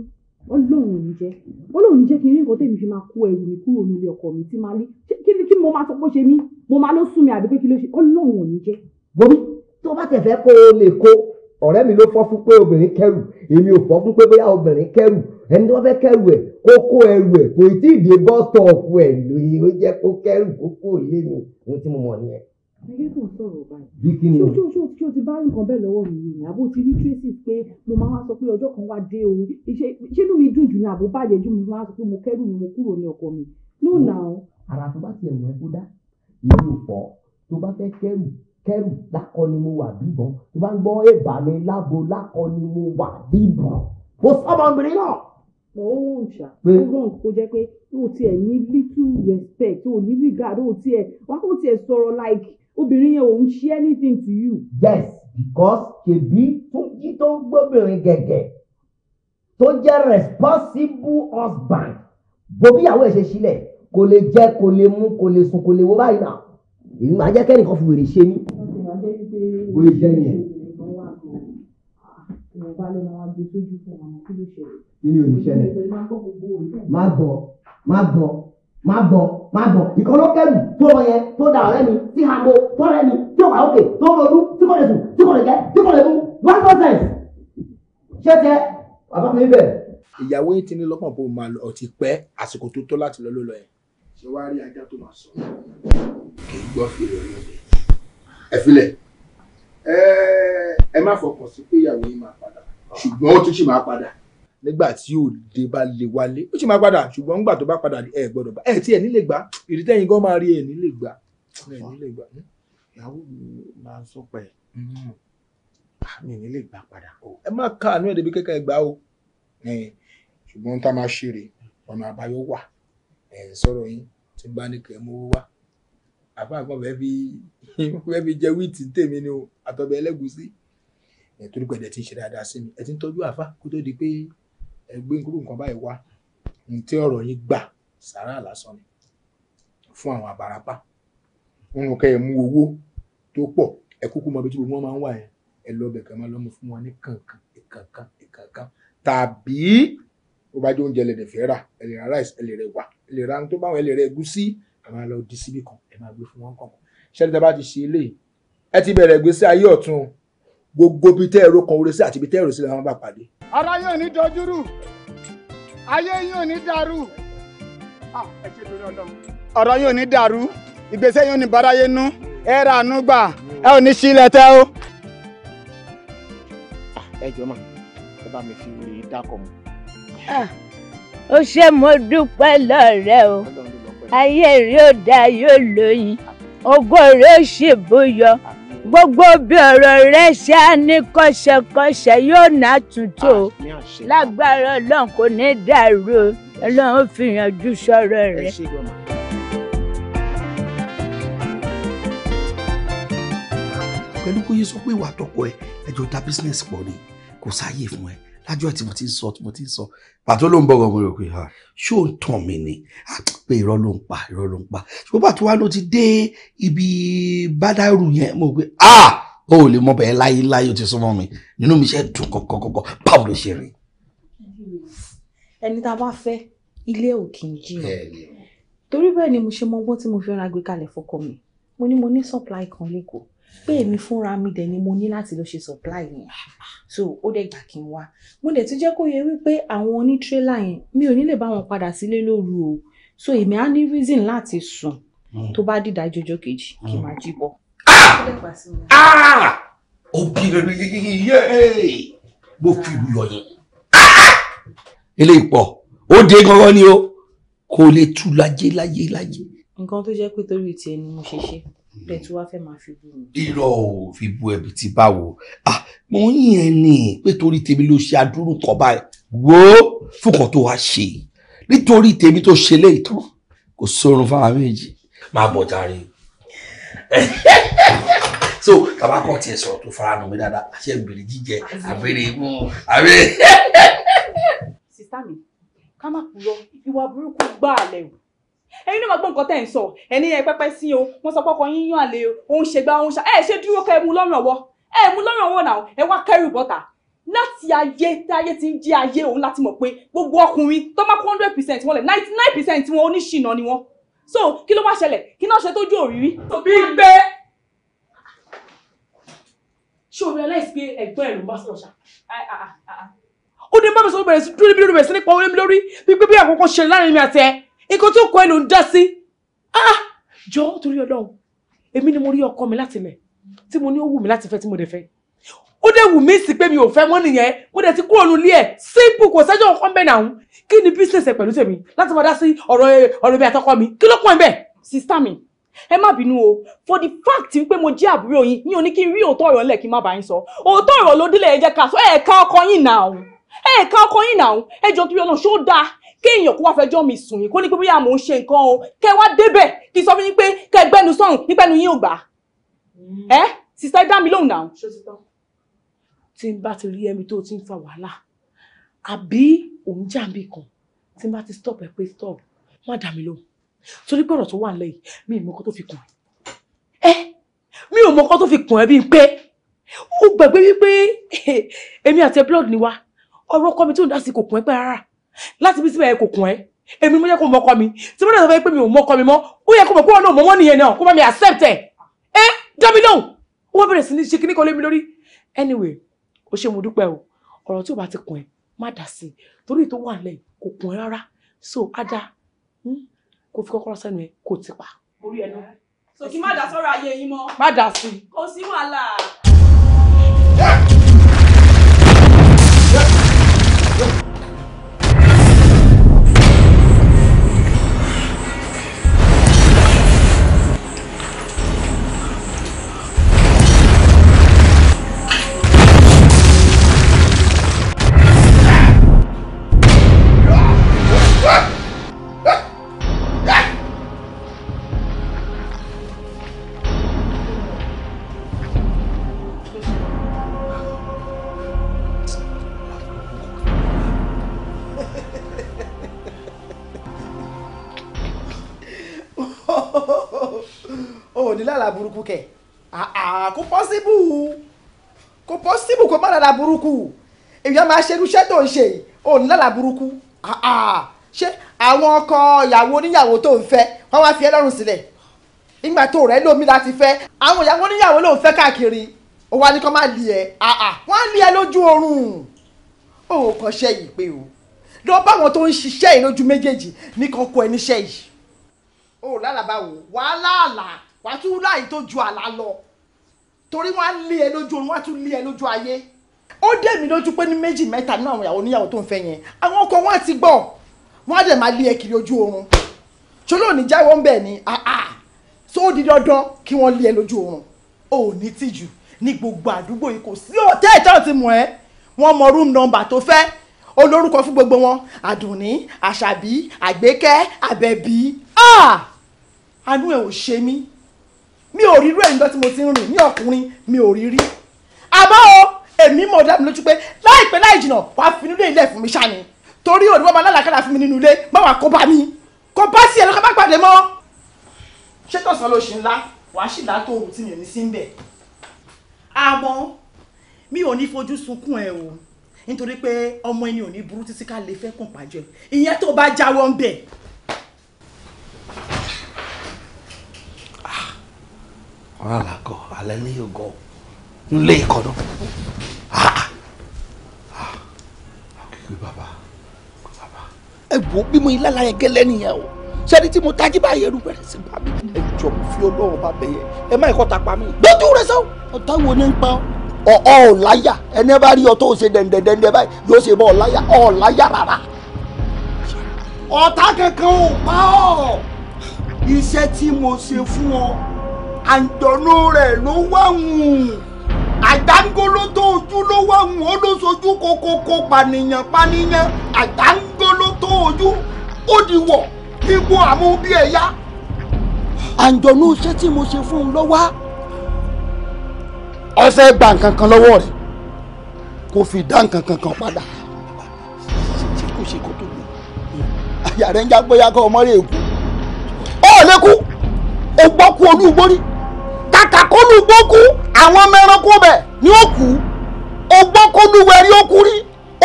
ọlọ́run ò ní jẹ́ ọlọ́run ò ní jẹ́ kí n rí nǹkan tèmi fi máa kó ẹrù mi kúrò nílé ọkọ mi tí máa lé kí ni kí mo máa sọ pé ó ṣe mí mo máa ló sún mi àbí pé kí ló ṣe ọlọ́run ò ní jẹ́. bomi tó bá tẹ̀ fẹ́ kó o lè kó ọ̀rẹ́ mi ló fọ́ fún pé obìnrin kẹrù èmi ò fọ́ fún pé bóyá obìnrin kẹrù ẹni tó fẹ́ kẹrù ẹ̀ kó kó ẹrù ẹ̀ kò tí ì dé bọ́sítọ̀ọ̀pù ẹ̀ lóye ó jẹ́ kó kẹrù kó kó lé mi ohun tí mo mọ̀ nìyẹn. Ayé kò sọ̀rọ̀ báyìí. Bí kí ni o? Ṣé o ṣé o ṣé o ti bá nǹkan bẹ́ẹ̀ lọ́wọ́ mi yìí ni? Àbó ti rí Tracy pé mo máa wá sọ pé ọjọ́ kan wá dé o. Ṣé inú mi dùn jù ni àbó bàjẹ́ jù mo máa sọ pé mo kẹ́rù kẹ́rù lákọ ni mo wà bíbọn tó bá ń gbọ́ èbà mi lábo lákọ ni mo wà bíbọn mo sọ́mọbìnrin náà. ọ̀hún ṣá pé wọ́n kò jẹ́ pé o tiẹ̀ ní little respect o ní regard o tiẹ̀ wá kó tiẹ̀ sọ̀rọ̀ like obìnrin yẹn ò ń ṣe anything to you. yes because ṣèbí fúnjí tó ń gbóbìnrin gẹ̀gẹ̀ tó jẹ́ responsible husband gbòmíyàwó ẹ̀ ṣe sílẹ̀ kò lè jẹ kò lè mu kò lè sùn kò lè wo báyìí náà èmi máa jẹ́ kẹ́nìkan fi wèrè ṣe mí. wèrè jẹ́ ni ẹ̀. nínú oníṣẹ́lẹ̀ má bọ̀ má bọ̀ má bọ̀ má bọ̀ ìkọlọ́kẹ́rù tó lọ yẹn tó da ọ̀rẹ́ mi tí ha mo tọ́rẹ́ mi tí ó wà òkè tó ronú tí kò lè sùn tí kò lè jẹ tí kò lè mú one percent ṣé tẹ bàbá mi bẹ̀. ìyàwó yìí ti ní lọ́kàn bó máa lọ ọtí pẹ́ àsìkò tó tó láti lọ ló lọ yẹn. ṣé wàá rí ajá tó máa sọ kì í gbọ́ fèrè ọlọ́dẹ ẹ filẹ̀ ẹ má fọkàn sí pé ìyàwó yìí máa padà ṣùgbọ́n ó tún ṣì máa padà nígbà tí òde bá lè wálé ó ṣì máa padà ṣùgbọ́n nígbà tó bá padà ẹ gbọ́dọ̀ bá ẹ tí ẹ nílé gbà ìrítẹ́yìn gan máa rí ẹ nílé gbà ẹ nílé gbà. Hmm? ìyàwó mi máa ń sọ pé hmm. ah, mi ò ní lè gbà padà. ẹ má ka àánú ẹ̀ débi kẹ́kẹ́ gbà o ṣùgbọ́n tá a máa ṣe rè ọ̀nà àbáyọ wà sọ̀rọ̀ yín tí n bá ní kẹ́ mú wá àfáàgbọ́n fẹ́ fi fẹ́ fi jẹ wíìtì tèmi ni o àtọ̀bẹ̀ ẹlẹ́gùsí ẹ̀ torí pẹ̀lẹ́ ti ń ṣe dáadáa sí mi ẹ̀ ti ń tọ́jú àfá kó tó di pé ẹ gbé nkúrú nǹkan báyìí wá ní tí ọ̀rọ̀ yín gbà sàrà lásán ni fún àwọn àbárapá nínú kẹ́ ẹ̀ mú owó tó pọ̀ ẹ kúkú mọ ibi tí wọn máa ń wà yẹn ẹ lọ bẹ̀ kẹ́ máa lọ́mọ fún wọn ní kankan ìkankan ìkankan tàbí bó bá jẹ oúnjẹ ẹlẹ́dẹ̀ rà ẹlẹ́dẹ̀ rice ẹlẹ́dẹ̀ wà ẹlẹ́dẹ̀ rà tó báwọn ẹlẹ́dẹ̀ ẹ̀gúsí ẹ máa lọ di síbì kan ẹ máa gbé fún wọn kọ̀ọ̀kan ṣẹ́ni tẹ́ bá ti ṣe eléyìí ẹ ti bẹ̀rẹ̀ gbé ayé ọ̀tún gbogbo bíi tẹ́ ẹ̀rọ kan orí àti bíi tẹ́ ẹ̀rọ sí làwọn bá pàdé. ara yóò ní dojúrú ayé yóò ní dàrú ọ̀rọ̀ yóò ní dàrú ìgbésẹ̀ yóò ní báráyé nú ẹ ra àánú gbà ẹ ò ní sílẹ̀ tẹ́ o. ẹ jọ máa ẹ bá mi fi dákọ̀ mu. ó ṣe mo dúpẹ́ lọ́rẹ́ o ayé rí ó dá yóò lóyin ògo rẹ ó ṣe bóyọ gbogbo bí ọ̀rọ̀ rẹ ṣe á ní kọ́ṣẹ́kọ́ṣẹ́ yóò ná tuntun o lágbára ọlọ́run kò ní dàrú o ọlọ́run fi yanjú sọ̀rọ̀ rẹ. pẹ̀lú bóyá sọ pé ìwà àtọkọ ẹ ẹjọ́ dá bísínẹ́sì pọ̀ ni kò sáàyè fún ẹ lájọ́ tí mo ti ń sọ tí mo ti ń sọ pàtó ló ń bọ̀rọ̀ mo rò pé ṣó ń tàn mí ni pé irọ́ ló ń pa irọ́ ló ń pa ṣùgbọ́n pàtó wa ló ti dé ibi bádàrú yẹn mo pé ah o ò lè mọ bẹ́ẹ̀ láyé láyé o ti súnmọ́ mi nínú mi ṣe dùn kọ̀kọ̀ kọ̀kọ̀ báwo ló ṣe rìn. ẹni tá a bá fẹ́ ilé ò kì í jìnnà torí bẹ́ẹ̀ ni mo ṣe mọ ọgbọ́n tí mo fi ra gbé kalẹ̀ fọ́kọ mi mo ní mo ní supply kan lẹ́kọ̀ọ́ pé èmi fúnra mi dẹ̀ ni mo ní láti lọ ṣe supply yẹn so ó dẹ̀ gbà kí n wá mo dẹ̀ tún jẹ́ kó yẹ wípé àwọn onítírélà yẹn mi ò ní lè bá wọn padà sílé lóru o so èmi á ní reason láti sùn hmm. tó bá dìdá jọjọ kejì kí n hmm. máa jí bọ̀. obìnrin ah! ah! yẹ mo fi ìlú yọ yẹn ah! ilé ìpọ̀ ó dé gangan ni o kò lè tú láyé láyé láyé. nǹkan tó jẹ́ pé torí tiẹ̀ ni mo ṣe ṣe bẹ́ẹ̀ tí wàá fẹ́ máa fi bú mi. irọ́ ò fi bú ẹbí ti báwo mo ń yìn ẹ́ ní pé torí tèmi ló ṣe adúrú kan báyìí wo fúnkan tó wá ṣe nítorí tèmi tó ṣe léyìí tán kò sórun fáwọn méjì máa bọ̀ jàre so bàbá kan tiẹ̀ sọ̀rọ̀ tó fara nù mí dáadáa àṣẹ ìbèrè jíjẹ àbèrè imú àbèrè. sísá mi ká má purọ́ ìwà burúkú gbáà lẹ́rù ẹ̀yin náà máa gbọ́ nǹkan tẹ́ ń sọ ẹni ẹ pẹ́pẹ́ sí o wọ́n sọ pọ́kọ yín yàn àlè o ń ṣe gbá òun ṣá ẹ ṣe dúró kẹ́ ẹ mú lọ́rùn ọwọ́ ẹ mú lọ́rùn ọwọ́ náà ẹ wá kẹ́rù bọ́tà láti ayé táyé ti ń jẹ́ ayé òun láti mọ̀ pé gbogbo ọkùnrin tó má kó hundred percent wọn lẹ̀ ninety nine percent wọn oníṣìnà ni wọn so kí ló wá ṣẹlẹ̀ kí náà ṣe tójú òrírí. òbí gbé ṣé o realize pé ẹ̀gbọ́n ẹ̀ ló bá sọ̀rọ̀ ṣá ó dé bá mi sọ bẹ̀rẹ̀ sí dúró níbi lórí bẹ̀rẹ̀ sí nípa orí mi lórí bí pé bí àkókò ṣe láàrin mi àti ẹ nǹkan tó kọ ẹ ló ń dá sí ah! jọ torí Ọlọ́run èmi ni mo rí ọkọ mi láti lẹ tí mo ní ó wù mí láti fẹ́ tí mo dẹ̀ fẹ́ ó dẹ̀ wù mí sí pé mi ò fẹ́ mọ́ nìyẹn mo dẹ̀ ti kúrò nílé ẹ̀ simple kò sẹ́jọ́ nǹkan bẹ́ẹ̀ náà kí ni business ẹ̀ pẹ̀lú tèmi láti máa dá sí ọ̀rọ̀ ọ̀rọ̀ mi àtọkọ mi kí ló pọ̀ ẹ̀ bẹ́ẹ̀ sister mi ẹ má bínú o for the fact wípé mo jẹ́ àbúrò yín ní oní kí n rí òótọ́ ọ̀rọ̀ ńlẹ̀ kí n má bá yín sọ òótọ́ ọ̀rọ̀ ló délé ẹ jẹ́ ká sọ ẹ̀ẹ̀ka ọkọ yín náà ẹ̀ẹ̀ka ọkọ yín náà ẹ jọ torí ọ̀nà ṣó dáa kéèyàn kó wá fẹjọ́ mi sùn yín kó ní pé bóyá mò ń ṣe nǹkan o kẹ wá débẹ̀ kí sọ fún yín pé kẹ gbẹnu sọ̀rùn nípa ẹnu yín ò gbà mm. ẹ sista ẹ dá mi lóhùn náà. tí n bá ti rí ẹmi tó ti ń fa wàhálà àbí òun jà mí kan tí n bá ti stop ẹ pé stop má dá mi lóhùn torí pé ọ̀rọ̀ tó wà lẹ́yìn mi ì mọ ọkọ tó fi kàn ẹ mi ò mọ ọkọ tó fi kàn ẹ bí pé ó gbàgbé wípé èmi àti ẹ blood ni wa ọ̀rọ̀ ọkọ mi tó ń dá sí kò kàn ẹ rárá láti bí síbẹ̀ kò kún ẹ́ èmi mo yẹ kó mọ́kọ́ mi tí mo lè sọ pé mi ò mọ́kọ́ mi mọ́ ó yẹ kó mọ̀ pé wọn náà mọ́ wọn nìyẹn náà kó bá mi accept ẹ̀ ẹ dábì lóhùn ó wọ́n bẹ̀rẹ̀ sí ní ṣe kíní kan lé mi lórí anyway ó ṣe mo dúpẹ́ o ọ̀rọ̀ tí ò bá ti kún ẹ má dà sí i torí tó wà nílẹ̀ kò kún ẹ rárá so ada hmm? kò fi kọ́kọ́rọ́ sẹ́nu ẹ kò ti pa. orí ẹ náà sòkì má dà sọ́rọ̀ ayé yín mọ́ má dà sí i kò sí wàhálà. Ah, ah, burúkú kẹ̀ kò pọ́síbù kò pọ́síbù kò má lálà burúkú èèyàn máa ṣe irúṣẹ́ tó ń ṣe ò ní lálà burúkú ah, ṣé àwọn ọkọ ìyàwó oníyàwó tó ń fẹ́ wọ́n wá fi ẹ́ lọ́rùn sílẹ̀ nígbà tó rẹ̀ lómi láti fẹ́ àwọn ìyàwó oníyàwó ló ń fẹ́ káàkiri ó wá ní kó má lé ẹ wọ́n á lé ẹ lójú oorun ó kàn ṣe yìí pé o lọ báwọn tó ń ṣiṣẹ́ ìlójú méjèèjì ní kan kó ẹ níṣẹ́ yìí ó lálàbáwò wàhálà àlà wàá tún láàyè tó ju àlá lọ torí wọn á lé ẹ lójú oorun wọn á tún lé ẹ lójú ayé ó dé mi lójú pé ní méjì mẹ́ta nínú àwọn ìyàwó oníyàwó tó ń fẹ́ yẹn àwọn ọkọ wọn á ti gbọ́ wọn á dẹ̀ máa lé ẹ kiri ojú oorun ṣọlọ́ ní jáwọ́ ń bẹ̀ ni tó di dandan kí wọ́n lé ẹ lójú oorun ò ní tìjú ní gbogbo àdúgbò yìí kò sí òtẹ́ẹ̀ tó ti mọ̀ ẹ́ wọ́n mọ room number tó fẹ́ olórúkọ fún gbogbo wọn àdùnní àṣàbí àgbékẹ́ àbẹ̀bí àánú ẹ̀ ò ṣe mí mi ò rí irú ẹ̀ nígbà tí mo ti ń rìn ní ọkùnrin mi ò rí rí àmọ́ o èmi mọ̀ dá mi lójú pé láìpẹ́ láì jìnnà wàá fi nílé ilé fún mi ṣáni torí òní wọn máa lálàkàlà fún mi nínú ilé má wàá kó bá mi kó bá sí ẹ lọ́kọ́ bá pàdé mọ́. ṣé tọ̀sán ló ṣì ń wàá ṣì látó òru tí mi ò ní sí ń bẹ̀. àmọ́ mi ò ní fojú sunkún ẹ o nítorí pé ọmọ ẹni ò ní burú títí ká lè fẹ́ kùn pàjọ ìyẹn tó bá jáwọ́ ń bẹ̀. ọ̀rọ̀ àlàkọ alẹ́ ní ògọ́ nílé ìkọ́nà ah! ah! kíkú bàbá kú bàbá. ẹ wo bí mo ilé alayẹ gẹ́lẹ́ nìyẹn o sẹ́ni tí mo tají bá yẹrù bẹ̀rẹ̀ sí bá mi. ẹ jọ fi ọlọ́run bá bẹ̀yẹ ẹ má ẹ̀kọ́ ta pa mí. lójú rẹ sọ ọ̀tá wo ni ń pa ọ́ ọ̀ ọ̀ láyà ẹni bá rí ọ tó ṣe dẹ̀ndẹ̀dẹ̀ndẹ̀ báyìí yóò ṣe bọ́ ọ̀ láyà ọ̀ láyà rárá ọ̀tá kankan ò pa ọ́ iṣẹ́ tí mo ṣe fún ọ àjọ̀nù rẹ̀ ló wá wùn àdángolo tó ojú ló wùn ó ló sojú kokoko pànìyàn pànìyàn àdángolo tó ojú ó di wọ̀ igbó àmú bí àjọ̀nù iṣẹ́ mo ṣe fún un lọ́wọ́ ọ̀sẹ̀ gba nǹkan kan lọ́wọ́ fi dá nǹkan kan kan padà ṣe kó tó lò ń kàkólù gbókú àwọn ọmọ ẹranko bẹ̀ ni ó kú ogbókólúwẹ̀rí ó kú rí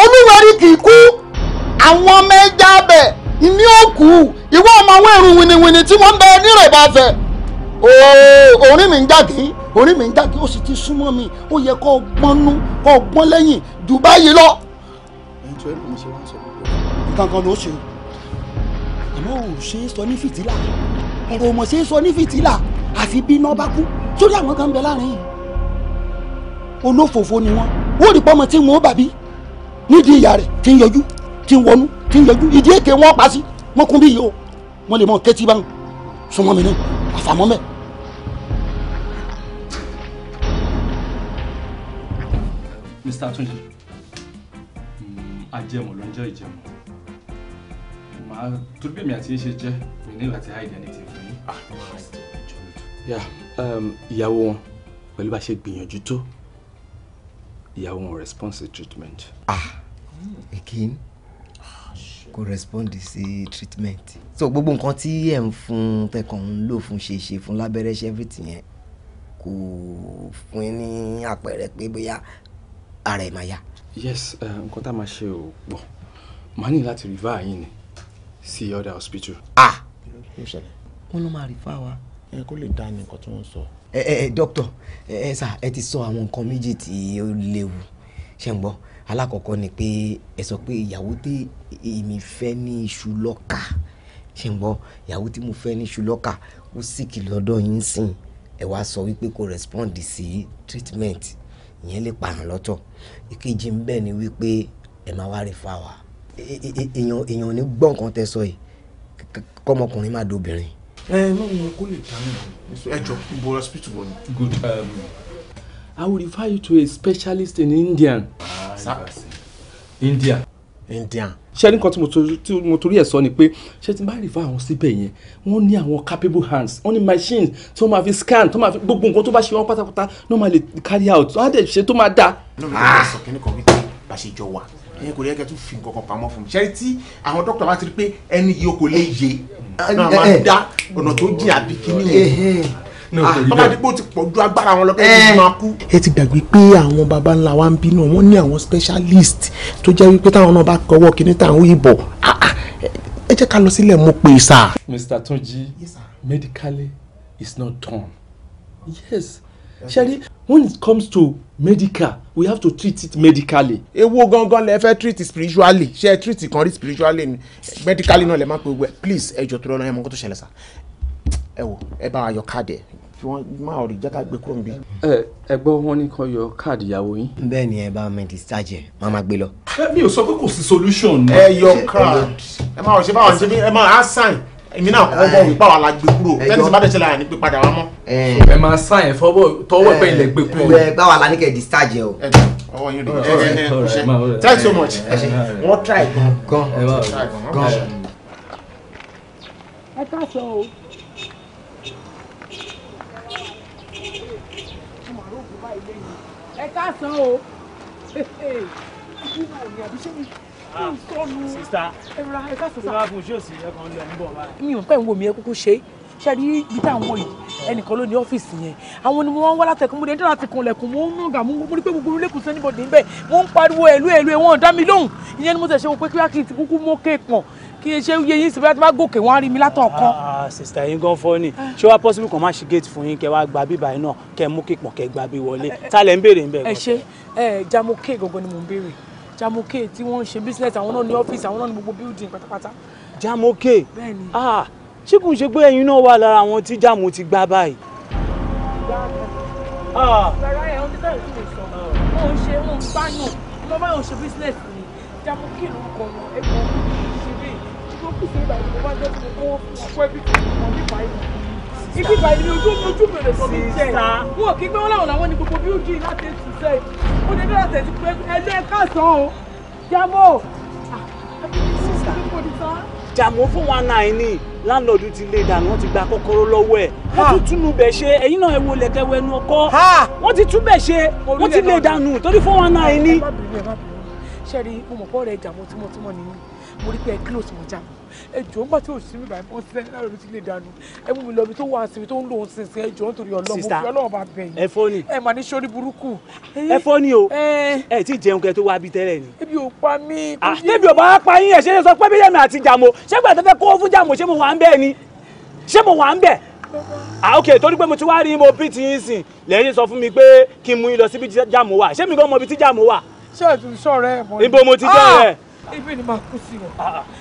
olúwẹ̀rí kì í kú àwọn ọmọ ẹja bẹ̀ ni ó kú ìwọ ọmọ àwọn ẹrù wìnìwìnì tí wọ́n ń bẹ nírèbàfẹ́ orin mi ń jáde orin mi ń jáde ó sì ti súnmọ́ mi ó yẹ kó gbọ́nú kó gbọ́n lẹ́yìn jù báyìí lọ. ẹ̀yin ló ṣe àmọ́ ò ṣe é sọ ní fìtílà ọ̀rọ̀ ò mọ̀ ṣe é sọ ní fìtílà àfi bí iná bá kú sórí àwọn kan ń bẹ láàrin yìí olófòfò ni wọn ó rí pọmọ tí wọn ó bàbí nídìí ìyá rẹ tí ń yọjú tí ń wọnú tí ń yọjú ìdí èké wọn pa sí wọn kún bí yìí o wọn lè mọ kẹtí bá ń súnmọ́ mi náà àfàmọ́ mẹ. Mr. Túnjí mm, ajẹmọ ló ń jẹ ìjẹmọ màá torí bí èmi àti yín ṣe jẹ mi ní láti hide anything fún yín. Ah, yà um, ìyàwó wọn pẹ̀lú bá ṣe gbìyànjú tó ìyàwó wọn response to treatment. ah again kò respond sí treatment so gbogbo nǹkan tí ẹ̀ ń fún tẹkàn ń lò fún ṣe ṣe fún lábẹ́rẹ́ ṣe everything yẹn kò fún ní àpẹẹrẹ pé bóyá ara ẹ̀ máa yá. yes nǹkan tá a máa ṣe ò pọ̀ màá ní láti rìfà yín ni sí other hospital. ah wọ́n ló máa rìfà wa ẹ kó lè dá ní nǹkan tí wọ́n ń sọ. ẹ ẹ dókítà ẹ ẹ sà ẹ ti sọ àwọn nǹkan méjì tí ó léwu ṣe ń gbọ́ alákọ̀ọ́kọ́ ni pé ẹ sọ pé ìyàwó tí èmi fẹ́ ní iṣu lọ́kà ṣe ń gbọ́ ìyàwó tí mo fẹ́ ní iṣu lọ́kà ó sì kì lọ́dọ̀ yín sìn ẹ wá sọ wípé kò respond sí treatment ìyẹn lè pààyàn lọ́tọ̀ ìkejì ń bẹ̀ ni wípé ẹ máa wá rí fáwa èèyàn èèyàn ò ní gbọ́ nǹkan tẹ́ sọ yìí kọ́mọkùnrin má dobìnrin ẹ náà mo kó lè dáná ẹ jọ ibo hospital wọ ni. good um, I will refer you to a specialist in Indian. Ah, India. Indian. ṣé ní kan tí mo torí ẹ̀ sọ ni pé ṣé tí n bá refer àwọn síbẹ̀ yẹn wọ́n ní àwọn capable hands wọ́n ní machines tí wọ́n máa fi scan tí wọ́n máa fi gbogbo nǹkan tó bá ṣe wọ́n pátápátá ní wọ́n máa lè carry out wọ́n á dẹ̀ ṣe tó máa dáa. lómi kò ní sọ kí ni kò wí pé bá ṣe jọ wà ẹ̀yin kò rí ẹ̀kẹ́ tún fi nǹkan kan fún mi ṣẹ́rí tí àwọn dókítà bá ti rí pé ẹni yìí o kò lè yé náà máa dá ọ̀nà tó jìn àbí kíní yẹn tọ́bádìpọ̀ ti pọ̀ ju agbára wọn lọ pé kí eh. n máa kú. ẹ ti gbàgbé pé àwọn baba ńlá wa ń bínú wọn ní àwọn specialist tó jẹ́ wípé táwọn náà bá kọ́wọ́ kíní táwọn ìbọ̀ ah, ah. ẹ jẹ́ ká lọ sílẹ̀ mo pè sá. Mr. Tunji yes, medically is not done yes ṣẹ́rí when it comes to medical we have to treat it medically. ewu gangan lẹ fẹ́ treat spiritually ṣe treat kan rí spiritually ni medically náà lẹ máa pe please ẹ jọ tó lọ́nà ẹ mọ kó tó ṣẹlẹ̀ sá ẹ wò ẹ bá wa yọ káàdì ẹ fi wọn máa rí jẹ́ ká gbé kúrò níbí. ẹ ẹ gbọ́ wọn ní kan yọ káàdì ìyàwó yín. bẹ́ẹ̀ ni ẹ bá mi discharge ẹ máa máa gbé lọ. mi ò sọ pé kò sí solution. ẹ yọ káàdì ẹ máa ṣe báwọn ṣe bí ẹ máa á èmi náà kọ́ bọ̀ wípé àwọn alágbè kúrò fẹ́ni bá dẹ̀ṣẹ̀ láyà ní pé padà mọ́. ẹ máa sign fọwọ́ tọwọ́ pé ilẹ̀ kúrò. ẹ báwa la ní kẹ́ discharge o. ọwọ́ yóò dé ẹ ṣe thank you so much. wọ́n try gan gan. ẹ káàsán o. ẹ káàsán o kí mi ò pẹ́ ń wo mi ẹ kúkú ṣe ṣe rí ibi táwọn yìí ẹnìkan ló ní ọ́fíìsì yẹn àwọn ni wọ́n wá látẹ̀kùn mo dé nítorí àti kunlẹ̀kùn mo ń nàgà mo rí pé gbogbo lẹ́kùn sẹ́ni bọ̀dé níbẹ̀ mo ń pariwo ẹ̀lú ẹ̀lú ẹ̀ dá mi lóhùn ìyẹn ni mo tẹ̀ ṣe wo pé kíá kí n ti kúkú mọ́ kéèpọ̀n kí n ṣe yẹ yín sí bá ti gòkè wọn á rí mi látọ̀ kan. Ah, ah, sista yín gan fọ́ ṣé wàá possible kàn má ṣe gate fún yín kẹ wàá gba bíbá yín náà kẹ mú kéèpọ̀n kẹ gba bí wọlé tá ń béèrè ń bẹ̀. ẹ ṣe ẹ jamoke gangan ni mò ń béèrè Jamoke tí wọ́n ń ṣe business àwọn náà ní office àwọn náà ní gbogbo building pátápátá. Jamoke ah, ṣé kò ń ṣe pé ẹ̀yin náà wà lára àwọn tí Jamo ti gbá báyìí. rárá ah. ẹ̀ ọ́n ti tẹ̀lé ìṣòro sọ wọn ò ṣe wọn bá yàn lọ bá yàn ṣe business ni Jamoke ló kọ wọn ẹ̀kọ́ ṣe bẹ́ẹ̀ ṣùgbọ́n kùsùn ìbàdàn ló bá jẹ́ kí wọ́n fún ọkọ̀ ibi ìgbà ìlú ojú mi ojú bèrè tó mi jẹ wọn ò kí pé wọn làwọn làwọn ní gbogbo bíúdì láti ètò sẹ ó ní bẹ́ẹ̀ tẹ̀sí pé ẹlẹ́ kásán o jámọ́ ah, jàmọ́ fún wa náà ni láńlọ́ọ̀dù ti lé dànù wọ́n ti gba kọ́kọ́rọ́ lọ́wọ́ ẹ̀ wọ́n ti túnú bẹ̀ ṣe ẹ̀yin náà ẹ wo lẹ̀kẹ̀wẹ̀ ẹnu ọkọ́ wọ́n ti tún bẹ̀ ṣe wọ́n ti lé dànù torí fún wa náà ni. ṣẹ́ẹ̀rì mo mọ̀ pọ́ rẹ̀ jàmọ́ tímọ́tímọ́ nìyí mo rí pé ẹ kílò tí mo jáde ẹjọ́ nígbà tí òsì mi báyìí wọ́n ti sẹ́ni náà ti lè dànù ẹ mú mi lọ ibi tó wà síbi tó ń lò ó sinsin ẹjọ́ nítorí ọlọ́mọ fi ọlọ́mọ bá bẹ̀ yín. ẹ fọ́ni ẹ mà ní sórí burúkú. ẹ fọ́ni o ẹ ti jẹun kẹ tó wá bi tẹ́lẹ̀ ni. ebi ò pa mí. àtẹ̀bí ah, ò bá pa yín ẹ̀ ṣe é sọ pé bí yẹmi àti jàmbo ṣé gbà tẹ́tẹ́ kó fún jàmbo ṣé mo wà ń bẹ́ẹ̀ ni ṣé mo wà ń bẹ́ẹ̀ ah ok torí pé mo ti wá rí mo bí ti yín sìn lẹ́yìn sọ fún mi pé kí n mú yín lọ ah! sí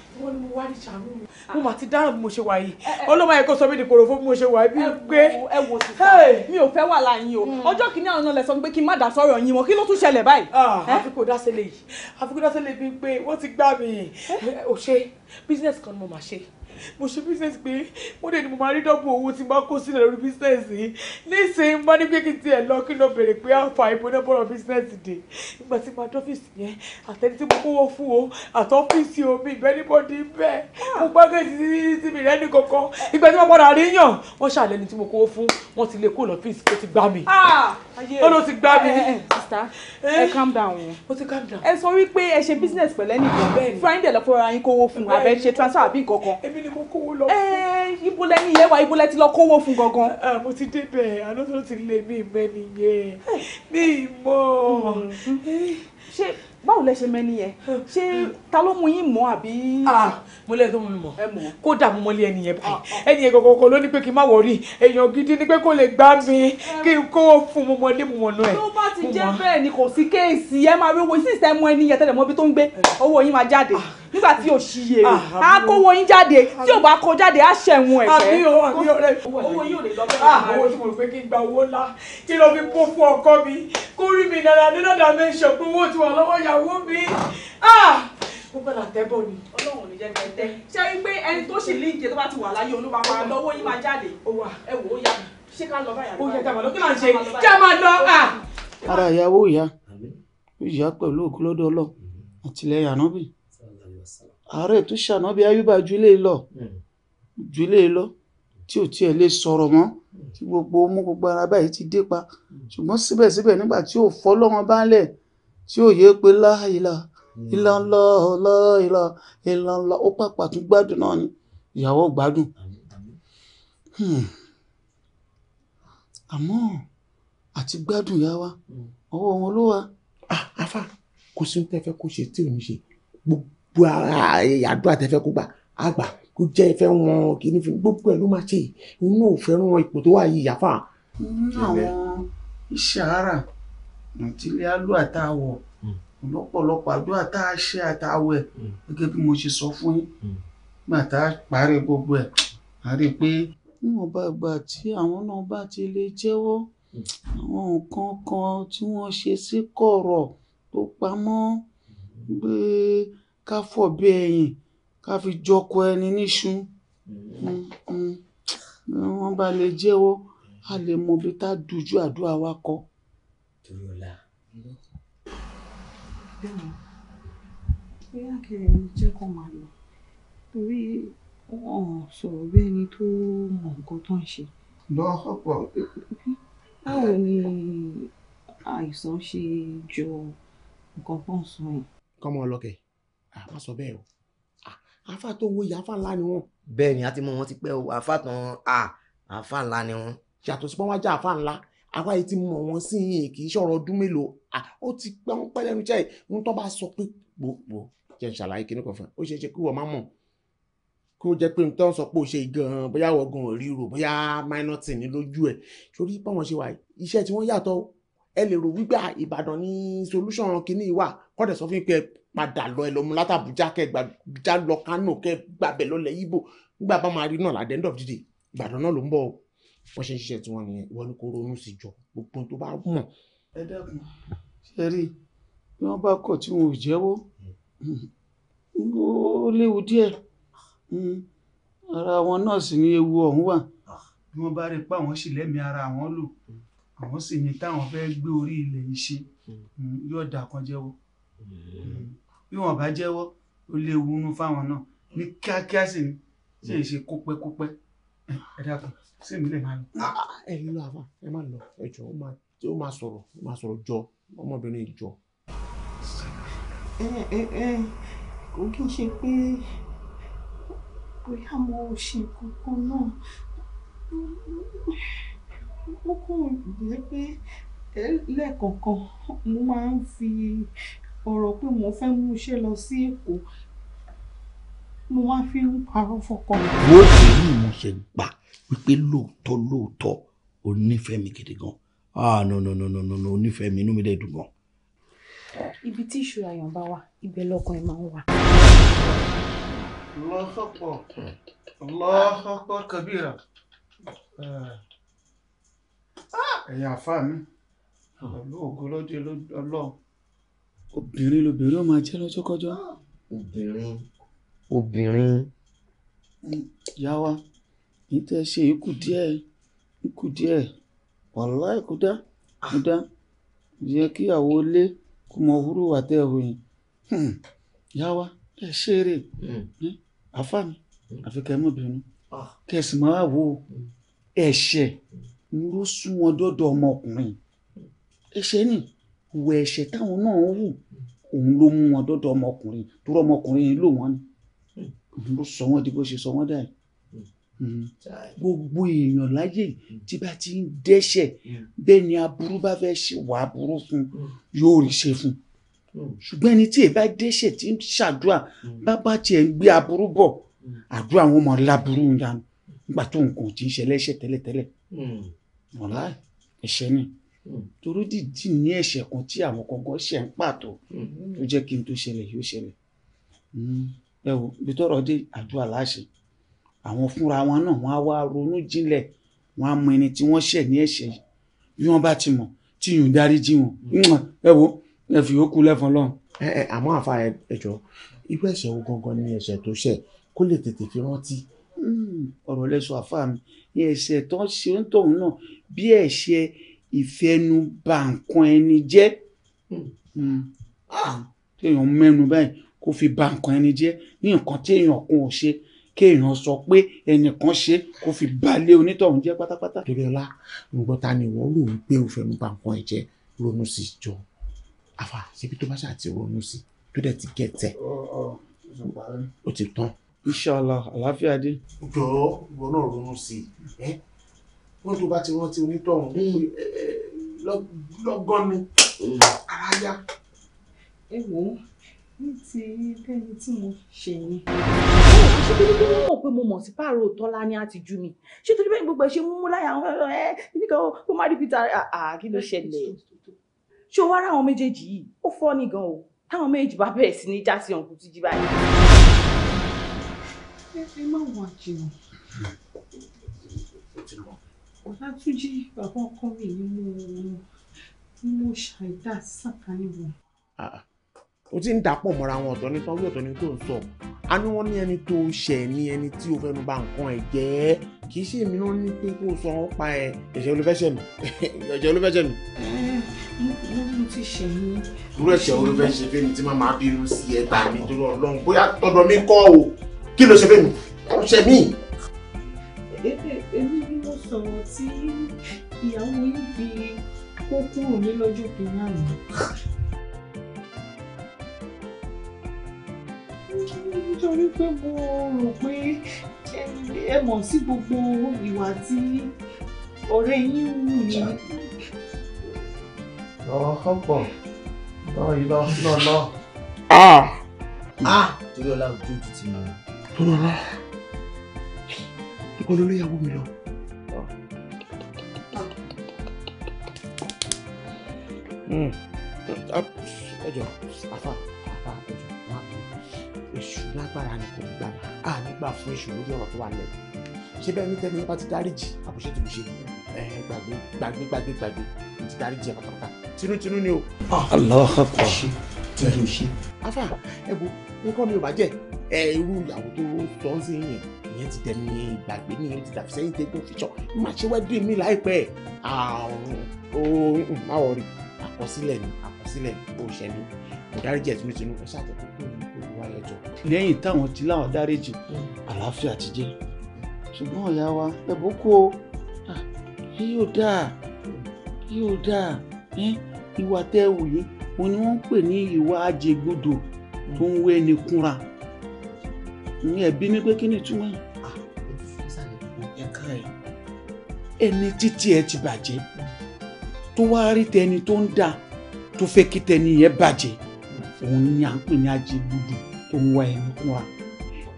wọ́n ní mo wá ní ṣàánú mi. Ah. mo mà ti dáhùn bí mo ṣe wà yìí eh, eh. ọlọ́mọ yẹn sọ mí di pòròfó bí mo ṣe wà yìí bí pé. ẹ wò sísá mi ò fẹ́ wà láàyè o hmm. ọjọ́ kìíní àwọn náà lẹ sọ pé kí n má dà sọ̀rọ̀ yín mọ́ kí ló tún ṣẹlẹ̀ báyìí. Ah, eh? àfikún dásẹ́lẹ̀ yìí àfikún dásẹ́lẹ̀ bíi pé wọ́n ti gbá mi ò ṣe business kan ni mo máa ṣe mo ṣe business pé mo dé ni mo máa rí dọ́bù owó tí mo bá kó sílẹ̀ lórí business yìí nísìnyí bá ní pé kí n tiẹ̀ lọ kí n lọ bèrè pé àǹfà ìbò náà bọ̀rọ̀ business dè ìgbà tí mo àtọ́fíìsì yẹn àtẹni tí mo kówó fún o àtọ́fíìsì omi ìbẹ́ ní bọ́dí bẹ́ẹ̀ mo gbágẹ́jì sí ti mi rẹ́ ní kankan ìgbà tí mo padà rí yàn wọ́n ṣàlẹ́ ni tí mo kówó fún wọ́n ti lè kó lọ́fíìsì tó ti gbá mi. Ah! ó ló ti gbá mi. Eh, eh, eh, sista ẹ calm down wọn. ó ti calm down. ẹ sọ wípé ẹ ṣe business pẹ̀lẹ́ nìkan friday lọ fọra yín kówó fún abẹ ṣe transfer àbí nǹkan kan. èmi ni mo kówó lọ fún. ẹ ibo lẹni yẹn wá ibo lẹ ti lọ kówó fún gangan. Ah, mo ti débẹ̀ àná tó ti lé mi ìmẹ́ni yẹn mi ì mm-hmm. ṣé báwo lẹ ṣe mẹni yẹn ṣé ta ló mú yín mọ àbí. Ah, mo lẹ́yìn tó mú mi mọ̀ kódà mo mọ̀lẹ́ ẹni yẹn báyìí ah, ah. ẹni yẹn kọ̀kọ̀kọ̀ ló ní pé kí n má wọrí èèyàn gidi ni pé kó lè gbá mi eh. kí n kó fún mo mọ̀lẹ́ mo mọ̀nà ẹ̀. tó bá ti jẹ́ bẹ́ẹ̀ ni kò sí kéèsì ẹ máa rí owó sísẹ́ ẹni yẹn tẹ́lẹ̀ mọ́ ibi tó ń gbé eh. owó yín máa jáde nígbà tí o ṣiyè á kówó yín jáde tí o bá kó jáde á ṣẹ̀wọ̀n ẹ̀fẹ́. àbí o àbí ọ̀rẹ́ owó yóò lè lọ bẹ́ẹ̀. Ah, owó tí mo rò kí n gba owó ńlá kí lọ fi kó fún ọkọ mi kó rí mi dára ní lọ́dà mi ṣe owó ti wà lọ́wọ́ ìyàwó mi. ara ìyàwó ìyá ìyá pẹ̀lú òkú lọ́dọ̀ ọlọ́ àtìlẹ́yìn ànábì àárẹ̀ tó ṣànábì ayúbà ju ilé lọ hmm. ju ilé lọ tí ò tiẹ̀ lè sọ̀rọ̀ mọ́ hmm. tí gbogbo mú gbogbo ara báyìí ti dé pa hmm. ṣùgbọ́n síbẹ̀síbẹ̀ nígbà tí ò fọ́ lọ́wọ́n bá ń lẹ̀ tí ò yé pé láìla ìlànà ọlọ́ìlà ìlànà ó pàpà tún gbádùn náà ni ìyàwó gbádùn. àmọ́ àti gbádùn yá wa ọwọ́ wọn ló wà. àfa ah, kò sí ní tẹ́fẹ́ kó ṣe tí ò ní ṣe gbogbo bu àdúrà tẹ́fẹ́ kó gbà àgbà kó jẹ́ ìfẹ́ wọn kì í ní fi gbogbo ẹ̀ ló máa ṣe inú ò fẹ́ràn ipò tó wà yìí yàfà. àwọn ìṣàárà nàìjíríà àlọ́ àtàwọ̀ lọ́pọ̀lọpọ̀ hmm. àdúrà tá a ṣe àtàwọ̀ ẹ̀ hmm. gẹ́gẹ́ bí mo ṣe sọ fún yín hmm. nígbà tá a parí gbogbo ẹ̀ a rí i pé níwọ̀nba ìgbà tí àwọn náà bá ti lè jẹ́wọ́ àwọn nǹkan kan tí wọ́n ṣe sí kọ̀rọ̀ tó pamọ́ gbé. Mm ká fọ̀bẹ ẹ̀yìn ká fi jọkọ ẹni níṣu mm-hmm. Mm-hmm. wọ́n bá lè jẹ́wọ́ a lè mọ ibi tá a dojú àdúrà wa kọ. torí ọ̀la. bẹ́ẹ̀ni bóyá kẹrẹ ẹni jẹ́ kó máa lọ torí wọn sọ̀rọ̀ bí ẹni tó mọ nǹkan tó ń ṣe. lọ́pọ̀. báwo ni àìsàn ṣe jọ nǹkan tó ń sọ kọ́mọ ọlọ́kẹ́ àfa ah, sọ bẹ́ẹ̀ o ah, àfa tó ń wo ìyá àfa ńlá ni wọn. bẹ́ẹ̀ ni a ti mọ wọn ti pẹ́ o àfa tán a ah, àfa ńlá ni wọn. yàtọ̀ sí pé wọ́n á já àfa ńlá àwa yìí ti mọ̀ wọ́n sí yìnyín kì í ṣọ̀rọ̀ ọdún mélòó ó ti pẹ́ ń pẹ́ lẹ́nu jẹ́ ń tọ́ bá sọ pé gbogbo jẹ́ ń ṣàlàyé kíní kan fún ẹ ó ṣeé ṣe kí wọ́n má mọ̀ kí ó jẹ́ pé nǹkan sọ pé ó ṣe gan-an bóyá wọ́n gan-an ríro bóyá minor ten ní lójú ẹ̀ sórí báwọn ṣe wà iṣẹ́ tí wọ́n yàtọ̀ ẹ lè rò wípé ìbàdàn ní solution kínní wà kọ́dẹ̀ sọ fún mi pé padà lọ ẹ lọ mú látàbújá kẹ gbàjá lọ kánò kẹ gbàbẹ lọlẹ ibo nígbà bá máa rí náà at the end of the day ìbàdàn náà ló ń bọ̀ wọ́n ṣe ń ṣiṣẹ́ tiwọn nìyẹn ìwọ ni kò ronú sí jọ gbogbo tó bá mọ̀. ẹ dákun ṣe rí bí wọ́n bá kọ̀ tí wọn ò jẹ́wọ́ ó léwu díẹ̀ ara wọn náà sì ní ewu ọ̀hún wà bí wọ́n bá rí i àwọn sì lẹ́mìí ara àwọn lò àwọn sì ní táwọn fẹ́ gbé orí ilẹ̀ yìí ṣe hmm. Hmm, yóò dà kan jẹ́wọ́ hmm. bí wọn bá jẹ́wọ́ ó léwu nú fáwọn náà ní kíákíá sì ni sì ń ṣe kópẹ́kópẹ́ ẹ dákun sí mi lè máa lọ. Ah, ah, ẹ ń àfa ẹ máa lọ ẹ jọ ó máa sọ̀rọ̀ ó máa sọ̀rọ̀ jọ ọmọbìnrin jọ. ẹ ẹ ẹ kò kí n ṣe pé bóyá mo ṣe kókó náà ó kàn jẹ́ pé lẹ́ẹ̀kọ̀ọ̀kan mo máa ń fi ọ̀rọ̀ pé mo fẹ́ mú iṣẹ́ lọ sí èkó mo máa fi ń parọ́ fọkọ. wo èyí mo ṣe gbà wípé lóòótọ́ lóòótọ́ o nífẹ̀ẹ́ mi gidi gan ah no no no no no o inú mi dẹ̀ dùn gan. ibi tí ìṣúra yàn bá wà ibẹ̀ lọ́kàn ẹ̀ máa ń wà. lọ́sọ̀pọ̀ lọ́sọ̀pọ̀ kàbíyà. ẹ̀yin àfa mi ah. pẹ̀lú ògo obìnrin lobìnrin ó máa jẹ́ ah. obìnrin obìnrin. Mm, wa ní ṣe ikú díẹ̀ ikú díẹ̀ wàláì kó yẹ kí àwọ ilé kó mọ òwúrò wà tẹ́ ẹ hmm, wa ẹ hmm. mi hmm. ah. ẹ̀ṣẹ̀. ló sún wọn dọ́dọ̀ ọmọkùnrin ẹ̀ṣẹ̀ ni ìwà ẹ̀ṣẹ̀ táwọn náà ń hù òun ló mú wọn dọ́dọ̀ ọmọkùnrin tó rọ ọmọkùnrin yìí lò wọ́n ni òun ló sọ wọ́n di bó ṣe sọ wọ́n dà yìí hmm. gbogbo èèyàn láyè tí bá ti ń dẹ́ṣẹ̀ bẹ́ẹ̀ ni aburú bá fẹ́ ṣe wà aburú fún yóò rí ṣe fún ṣùgbọ́n ẹni tí èyí bá dẹ́ṣẹ̀ tí ń ṣàdúrà bá tiẹ̀ ń gbé aburú bọ̀ àdúrà wọn mọ̀ láburú ń dànù nígbà tó nǹkan ò ti ń ṣẹlẹ́ṣẹ̀ tẹ́lẹ̀tẹ́lẹ̀ wàláì ẹ̀ṣẹ̀ ni hmm. torí dìdí ní ẹ̀ṣẹ̀ kan tí àwọn kọ̀ọ̀kan ṣẹ̀ ń pàtó tó hmm. jẹ́ kí n tó ṣẹlẹ̀ yóò ṣẹlẹ̀ hmm. ẹ wo ibi tọ́rọ̀ dé àdúrà láṣẹ àwọn fúnra wọn náà wọn á wá ronú jinlẹ̀ wọn á mọ ẹni tí wọ́n ṣẹ̀ ní ẹ̀ṣẹ̀ yìí bí wọ́n bá ti mọ̀ tí yùn dáríjì wọn ẹ wo ẹ fi yòókù lẹ́fọn lọ́hùn. ẹ ẹ àmọ́ àfa ẹjọ́ irú ẹ̀ṣẹ̀ wo gangan ni ẹ̀ṣẹ̀ tó ṣẹ̀ kó lè tètè fi rántí. ọ̀rọ̀ lẹ́sọ̀ àfa mi ẹ̀ṣẹ̀ tó ṣe ń tọ̀hún náà bí ẹ̀ṣẹ̀ ìfẹnubà nǹkan ẹni jẹ́ hmm. hmm. ah, téèyàn mẹ́nu báyìí kó fi bà nǹkan ẹni jẹ́ ní nǹkan téèyàn kan ò ṣe kéèyàn sọ pé ẹnìkan ṣe kó fi balẹ̀ onítọ̀hún jẹ́ pátápátá. torí ọlá nǹkan ta ni ìwọ rò wípé o fẹnu bà nǹkan ẹ jẹ́ ronú sí jọ àfà síbi tó bá ṣáà ti ronú sí tó dẹ̀ ti gẹ̀tẹ̀ ó ti tán. inshallah àlàáfíà dé. jọ ìwọ náà ronú sí ẹ wọ́n tó bá ti rántí onítọ̀hún hmm. lọ́gán ni hmm. ara ẹ wò ó ní ti lẹ́ni tí mo ṣe yẹn. ṣé torí bí wọ́n mọ̀ pé mo mọ̀ sí páàrọ̀ tọ́lá ni a ti jú mi ṣé torí bẹ́ẹ̀ gbogbo ẹ̀ mú láyà àwọn ẹ̀ nígbà ó má rí pété kí ló ṣẹlẹ̀ ṣé o wá ráwọn méjèèjì yìí ó fọ́ ni gan o táwọn méjèèjì bá bẹ̀rẹ̀ sí ní já sí ọ̀nkú títí báyìí. ẹ má wọ àjìnà ọlátúnjì bàbá ọkọ mi ni mo ni mo ṣàìdá sàkání wọn. Ah, ah. o ti ń dàpọ̀ mọ́ra wọn ọ̀tọ̀ ní sanwó ọ̀tọ̀ ní tó ń sọ a ní wọ́n ní ẹni tó ṣẹ̀ ní ẹni tí o fẹ́nu bà nǹkan ẹ̀ jẹ́ kì í ṣe èmi náà ní pé kó o sọ ọ́n pa ẹ̀ ẹ̀ṣẹ̀ olùfẹ́ṣẹ̀ mi ẹ̀ṣẹ̀ olùfẹ́ṣẹ̀ mi. mo mo ti ṣẹ̀ ní. irú ẹ̀ṣẹ̀ olùfẹ́ṣẹ̀ fẹ́mi tí màmá bínú sí ẹ̀ tà mí torí ọlọ́run bóyá tọ̀dọ̀ mi kọ́ o kí ló ṣe fẹ́mi ọ̀ṣẹ̀ mi sọ̀rọ̀ tí ìyàwó yìí fi kó kúrò ní lọ́jọ́ kìíní àná. nítorí pé mo rò pé ẹ mọ̀ sí gbogbo ìwà tí ọ̀rẹ́ yín wù mí. lọ́wọ́ kọ́pọ̀ lọ́wọ́ yìí lọ́ lọ́ ah! ah! torí ọlá ojú ti ti mú un. torí ọlá ìkọlẹ́ olóyàwó mi lọ. ẹjọ afa afa ẹjọ máa tó èṣù ni kò ní gbà á nígbà fún èṣù lórí ọ̀rọ̀ tó wà lẹ́nu ṣé bẹ́ẹ̀ ní ti dáríjì àbúṣe tó ṣe gbàgbé gbàgbé gbàgbé gbàgbé ti dáríjì ẹ̀ pátápátá tinútinú ni o. aláha kọ tí ṣe. afa ẹ bo nǹkan mi ò bá jẹ ẹ irú ìyàwó tó tọ́ sí yẹn ìyẹn ti tẹ̀ mí ìgbàgbé ní ìyẹn ti dàbí sẹ́yìn tẹ́gbọ́n fìṣọ́ máa ṣe wẹ́ẹ́dì mi láìpẹ́ àrùn ó máa wọ̀ rí i àkọsílẹ̀ ni àkọsílẹ̀ ó ṣẹ ní kò dáríjì ẹ̀ tinútinú ẹ ṣáà tẹ̀kọ́ pé olùwà lẹ́jọ́. lẹ́yìn táwọn ti láwọn dáríjì àlàáfíà ti jẹ́ ṣùgbọ́n ọ̀yá wa ẹ̀bùn kó ẹ yóò dáa yóò dáa ìwà tẹ́ wù yìí òun ni wọ́n ń pè ní ìwà ajẹgbodò tó ń wé ni kúnra ní ẹbí mi pé kí ni túmọ̀ ẹ̀ka ẹ̀ ẹni títí ẹ ti bàjẹ́ tó wá rí tẹni tó ń dà tó fẹ́ kí tẹni yẹn bàjẹ́ òun ni à ń pè ní ajé gbùdù tó ń wá ẹni kún wa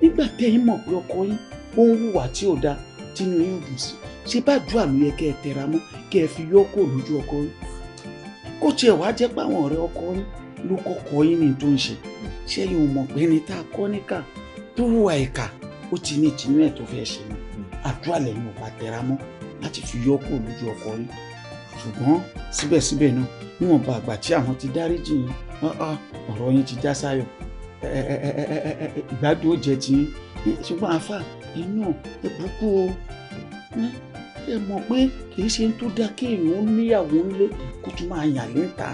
nígbà tẹ́yìn mọ̀ pé ọkọ yín ó ń hùwà tí ò dáa tínú yín dùn sí ṣe bá ju àmì yẹn kẹ́ ẹ tẹra mọ́ kẹ́ ẹ fi yọkọ lójú ọkọ yín kó tiẹ̀ wá jẹ́ pé àwọn ọ̀rẹ́ ọkọ yín ló kọ́kọ́ yín ní tó ń ṣe ṣẹ́yìn ò mọ̀ pé ẹni tá a kọ́ níkà tó hùwà ìkà ó ti ní ìtinú ẹ̀ tó fẹ́ ṣe ni àdúrà lẹ́yìn ò bá tẹra mọ́ láti fi yọkọ lójú ọkọ yín ṣùgbọ́n síbẹ̀síbẹ̀ náà níwọ̀nba àgbà tí àwọn ti dáríjì yín ọ̀rọ̀ yín ti já sáyọ̀ ìgbádùn ó jẹ tiyín ṣùgbọ́n àáfà inú ẹ burúkú o ẹ mọ̀ pé kì í ṣe tó dá kéèyàn ó níyàwó ńlé kó tún máa yàn lé ta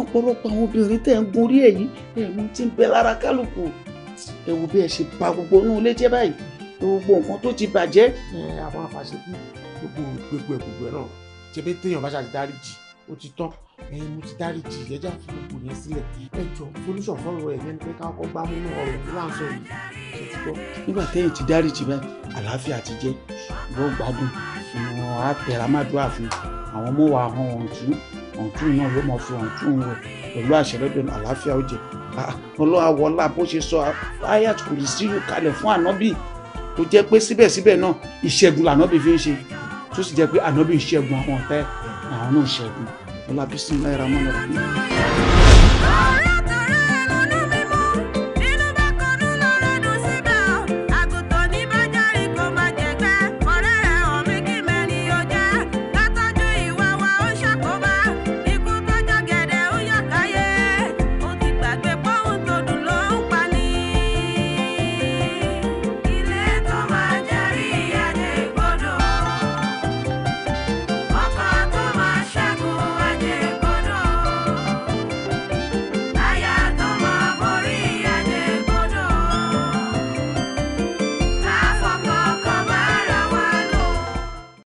ọ̀pọ̀lọpọ̀ àwọn obìnrin tẹ̀ ń gorí èyí ẹ̀mí ti ń bẹ lára kálukú ẹ wo bí ẹ ṣe pa gbogbo inú ilé jẹ́ báyìí gbogbo nǹkan tó ti bàjẹ́. ẹ àwọn afàṣẹ́bí gbogbo gbogbo ẹ̀ gbogbo ẹ̀ náà ṣebí téèyàn bá ṣàti dáríjì ó ti tán ẹ̀yin mo ti dáríjì ìjẹ́jà fún gbogbo yẹn sílẹ̀ ẹ jọ solution fọ́rọ̀ ẹ̀ yẹn pé káwọ́ gbá mú náà ọ̀rọ̀ tó láǹṣọ yìí ṣe ti gbọ́. nígbà téèyàn ti dáríjì báyìí àlàáfíà ti jẹ́ yóò gbádùn ìwọ̀n àtẹ̀rámádùá fún àwọn ọmọ wa hàn ọ̀tún ọ̀tún náà ló mọ̀ fi ọ̀tún wẹ̀ pẹ̀lú àṣẹ lọ́dọ̀ àlàáfíà ó jẹ ọlọ́wọ́lá bó ṣe sọ ayat kò lè sí kalẹ̀ fún ànábì tó jẹ́ pé síbẹ̀síbẹ̀ náà ìṣẹ́gun lànábì tó sì jẹ́ pé ànábì ń ṣẹ́gun àwọn ọ̀tá ẹ̀ àwọn náà ń ṣẹ́gun ọlábísí náírà mọ́nà rẹ̀.